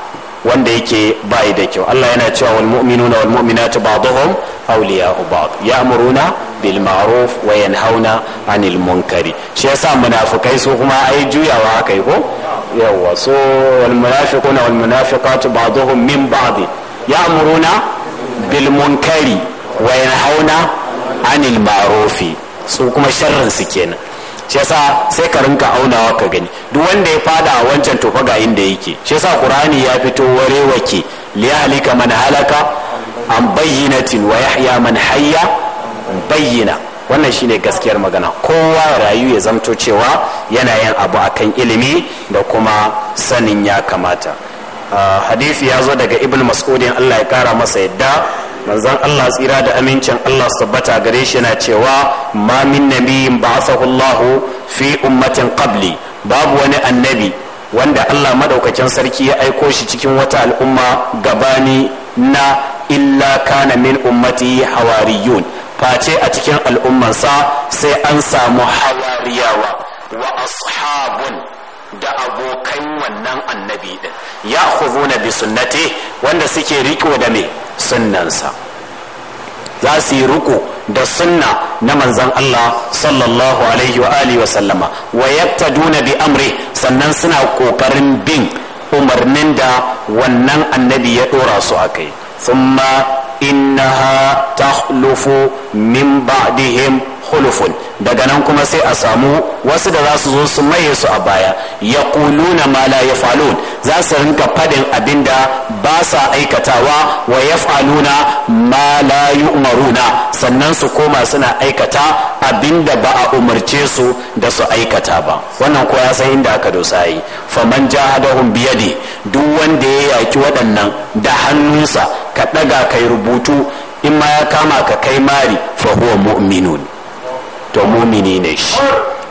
wanda yake bai da kyau Allah yana cewa wal mu'minuna wal mu'minatu ba'dhum awliya'u ba'd ya'muruna bil ma'ruf wa yanhauna 'anil munkari shi yasa munafikai su kuma ai juyawa akai ko yawa so wal munafiquna wal munafiqatu ba'dhum min ba'd ya'muruna bil munkari wa yanhauna 'anil ma'rufi su kuma sharrin su kenan shi yasa sai ka rinka aunawa ka gani duk wanda ya fada a wancan tofa ga inda yake shi yasa qur'ani ya fito ware wake liyalika man halaka an bayyinatin wa yahya man hayya bayyina wannan shine gaskiyar magana kowa rayu ya zamto cewa yana yin abu akan ilimi da kuma sanin ya kamata ah, hadisi ya zo daga ibn mas'udin Allah ya kara masa yadda manzon Allah tsira da amincin Allah su tabbata gare shi na cewa ma min nabiyin ba'athahu Allah fi ummatin qabli babu wani annabi wanda Allah madaukakin sarki ya aiko shi cikin wata al'umma gabani na illa kana min ummati hawariyun face a cikin al'ummansa sai an samu hawariyawa wa ashabun da abokan wannan annabi din ya bi sunnati wanda suke riko da me sunnansa za su yi ruku da sunna na manzan Allah sallallahu alaihi wa alihi wa sallama wa bi amri sannan suna kokarin bin umarnin da wannan annabi ya dora su a kai. innaha tahlufu min ba'dihim khulufun daga nan kuma sai a samu wasu da za su zo su maye su a baya ya kuluna ma la yafalun za su rinka fadin abinda da ba sa aikatawa wa yafaluna ma la yu'maruna sannan su koma suna aikata abinda ba a umarce su da su aikata ba wannan ko ya san inda aka dosa yi faman jahadahum biyadi duk wanda ya yaki waɗannan da hannunsa ka ɗaga kai rubutu in ma ya kama ka kai mari fa huwa mu'minun to mumini ne shi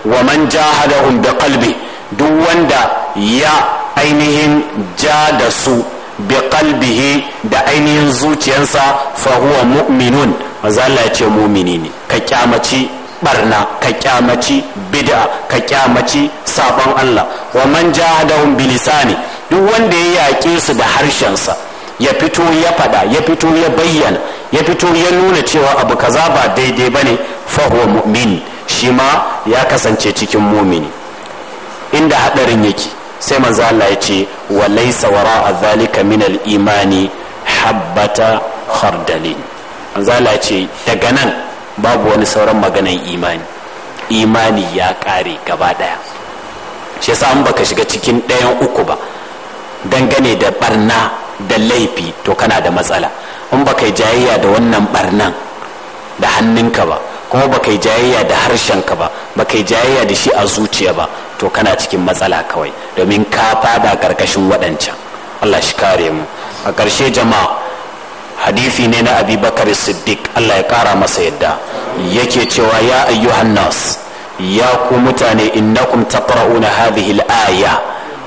wa man jahadahum bi qalbi duk wanda ya ainihin ja da su bi qalbihi da ainihin zuciyarsa fa huwa mu'minun mazalla ce mumini ne ka kyamaci barna ka kyamaci bid'a ka kyamaci sabon Allah wa man jahadahum bi lisani duk wanda ya yaƙe su da harshensa ya fito ya faɗa ya fito ya bayyana ya fito ya nuna cewa abu kaza ba daidai bane fahuwa mu'min shi ma ya kasance cikin mumini inda haɗarin yake sai manzo Allah ya ce wa laysa wara zalika min al-imani habbata khardalin manzo Allah ya ce daga nan babu wani sauran maganan imani imani ya kare gaba ɗaya shi yasa an baka shiga cikin ɗayan uku ba dangane da barna da laifi to kana da matsala in baka jayayya da wannan barnan da hannunka ba kuma baka yi jayayya da harshenka ba baka yi jayayya da shi a zuciya ba to kana cikin matsala kawai domin ka fada karkashin waɗancan allah shi kare mu a ƙarshe jama'a hadifi ne na abubakar siddiq allah ya ƙara masa yadda yake cewa ya ayyuhan nas ya ku mutane innakum taqra'una hadhihi al-aya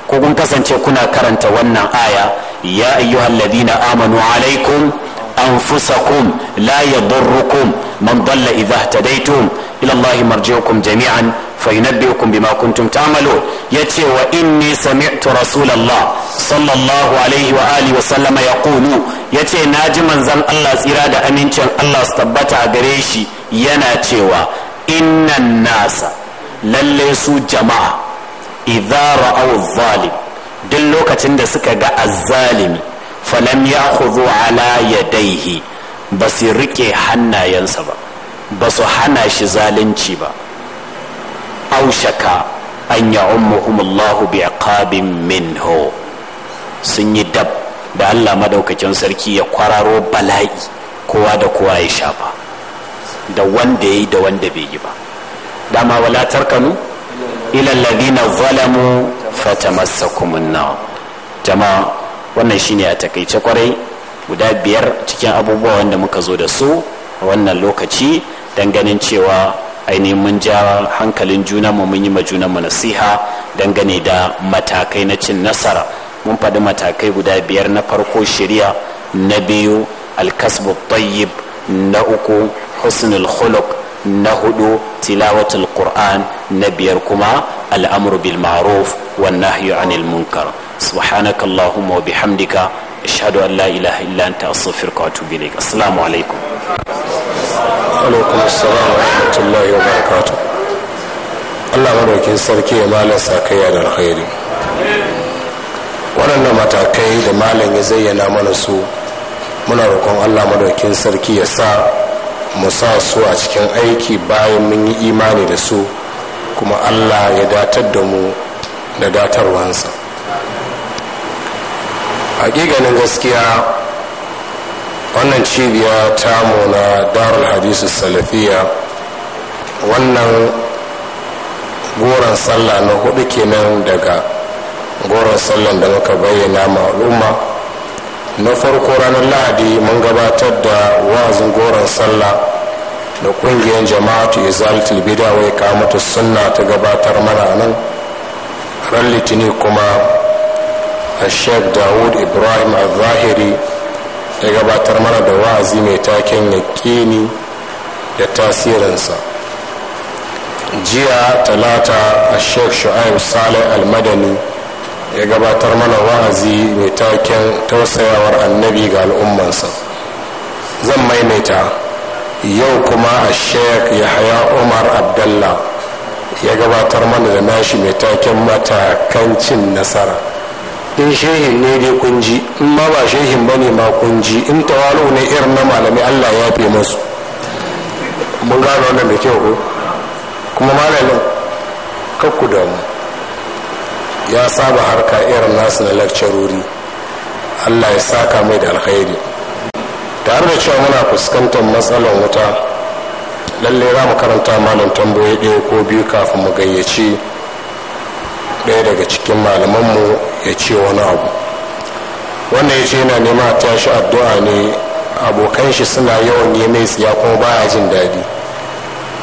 ko kun kasance kuna karanta wannan aya ya ayyuhal ladina amanu alaikum an fusakun laye don rukun mamdan la idan ta gaitu illallah marje kum jami'a fainabbe kumbi makuntun ta ya ce wa inni samic rasulallah sallallahu alaihi wa'ai wasallama ya komo ya ce na ji manzan allah tsira da amincin allah su tabbata gare shi yana cewa innan nasa lalle su jama'a idan ra'awun zalim duk lokacin da suka ga azalimi. falam ya hudu ala yadaihi ba su rike hannayensa ba ba su hana shi zalunci ba aushaka an ya umuhumullahu bi aqabin minhu sun yi dab da Allah madaukakin sarki ya kwararo bala'i kowa da kowa ya shafa da wanda ya yi da wanda bai yi ba dama wala tarkanu ilal ladina zalamu fatamassakumun nar jama'a wannan shine a takaice kwarai guda biyar cikin abubuwa wanda muka zo da su a wannan lokaci don ganin cewa ainihin mun ja hankalin junanmu mun yi ma juna junanmu nasiha dangane da matakai na cin nasara mun faɗi matakai guda biyar na farko shirya na biyu alkasbu tayyib na uku husnul khuluq na hudu tilawatul qur'an na biyar kuma al'amru bil ma'ruf wan nahyu anil munkar subhanakallahumma wa bihamdika ashhadu an la ilaha illa anta astaghfiruka wa atubu ilayk
assalamu alaikum wa alaikum assalam wa rahmatullahi wa barakatuh Allah madaukin sarki ya malar sakayya da alkhairi waɗannan matakai da malam ya zayyana mana su muna roƙon Allah madaukin sarki ya sa mu sa su a cikin aiki bayan mun yi imani da su kuma allah ya datar da mu da datarwansa hakikanin gaskiya wannan cibiya ta na darul hadisu salafiya wannan goron sallah na hudu kenan daga goron sallah da muka bayyana ma al'umma na farko ranar lahadi mun gabatar da wa'azin goron sallah da kungiyar jama'atu izalatul bida wai kamata sunna ta gabatar mana nan ran litini kuma a sheikh dawud ibrahim al-zahiri ya gabatar mana da wa'azi mai taken yaƙini da tasirinsa jiya talata a sheikh shu'aib saleh al-madani ya gabatar mana wa'azi mai taken tausayawar annabi ga al'ummansa zan maimaita yau kuma a sheik yahaya umar abdallah ya gabatar mana da nashi mai taken matakancin nasara in shehin ne dai kunji ji in ma ba shehin ba ne ma kunji in tawalo ne irin na malami allah ya fi masu mun gano wannan da kyau ko kuma malamin kakku damu ya saba harka irin nasu na lakcarori allah ya saka mai da alkhairi tare da cewa muna fuskantar matsalar wuta lalle za mu karanta malam tambayoyi ɗaya ko biyu kafin mu gayyaci ɗaya daga cikin malamanmu ya ce wani abu wannan ya ce yana nema tashi addu'a ne abokan shi suna yawan yi mai tsiya kuma baya jin daɗi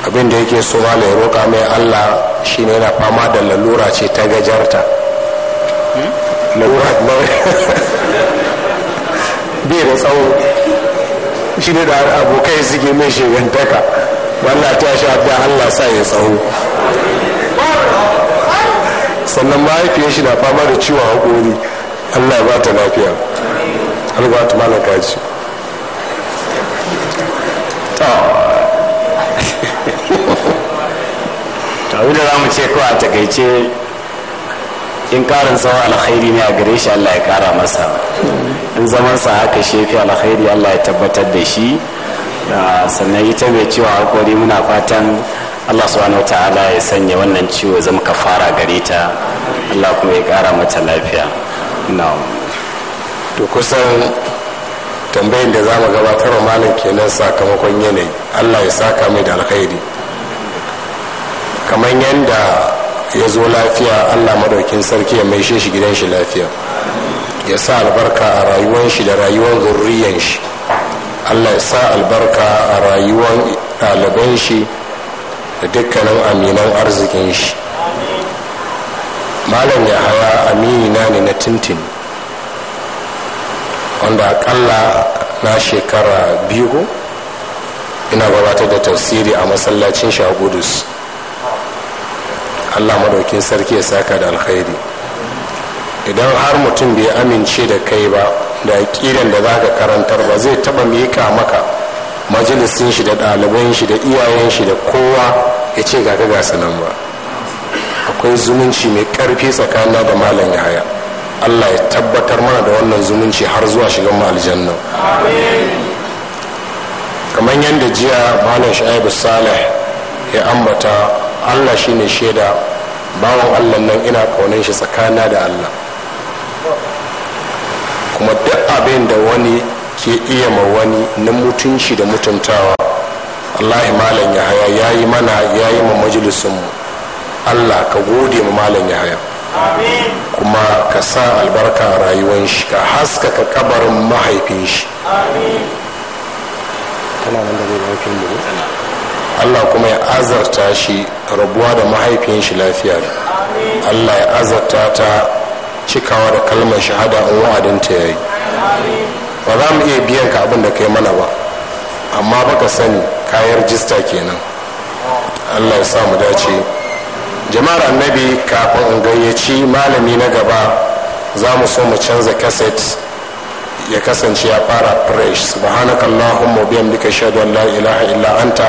abin da yake so ma ya roƙa mai allah shine na fama da lalura ce ta gajarta lalura bi da tsawo shi ne da abokai suke mai shigantaka wanda ta shi da allah sa ya tsawo sannan mahaifiyar shi na fama da ciwon haƙori allah ba ta lafiya alba ta malaka ce
abin da za mu ce kawai a takaice in karin tsawon alkhairi ne a gare shi allah ya kara masa in sa haka shefi alkhairi allah ya tabbatar da shi ah, sannan ita mai ciwon hakori muna fatan allah subhanahu wa ta'ala ya sanya wannan ciwo zama kafara gare ta allah kuma ya kara mata lafiya
to kusan tambayin da za mu gabatar malam kenan sakamakon yanayi allah ya saka mai da alkhairi kamar yadda ya zo lafiya allah madaukin sarki ya maishe shi gidan shi lafiya ya sa albarka a rayuwan shi da rayuwan zurriyan shi allah ya sa albarka a rayuwan ɗaliban shi da dukkanin aminan arzikin shi malam ya haya amina ne na tintin wanda akalla na shekara biyu ina gabatar da tafsiri a masallacin shagudus allah madaukin sarki ya saka da alkhairi idan har mutum bai amince da kai ba da aƙidan da za ka karantar ba zai taba miƙa maka majalisin shi da ɗaliban shi da iyayen shi da kowa ya ce ga ga nan ba akwai zumunci mai ƙarfi tsakanin da malam yaya allah ya tabbatar mana da wannan zumunci har zuwa shigan mu aljanna kamar yadda jiya malam sha'ibu saleh ya ambata allah shine shaida bawan allah nan ina kaunan shi tsakana da allah kuma duk abin da wani ke iya ma wani na mutunci da mutuntawa allah malam ya haya ya yi mana ya yi ma majalisunmu allah ka gode ma malam ya haya kuma ka sa albarka a rayuwar shi ka haskaka kabarin mahaifin shi allah kuma ya azarta shi rabuwa da mahaifiyan shi lafiya allah ya azarta ta cikawa da kalmar shahada in wa'adin ta yayi ba za mu iya biyan ka abin da kai mana ba amma baka sani kayan jista kenan allah ya sa mu dace jama'ar annabi kafin in gayyaci malami na gaba za mu so mu canza kaset ya kasance ya fara fresh subhanakallahumma
bihamdika shahadu an la ilaha illa anta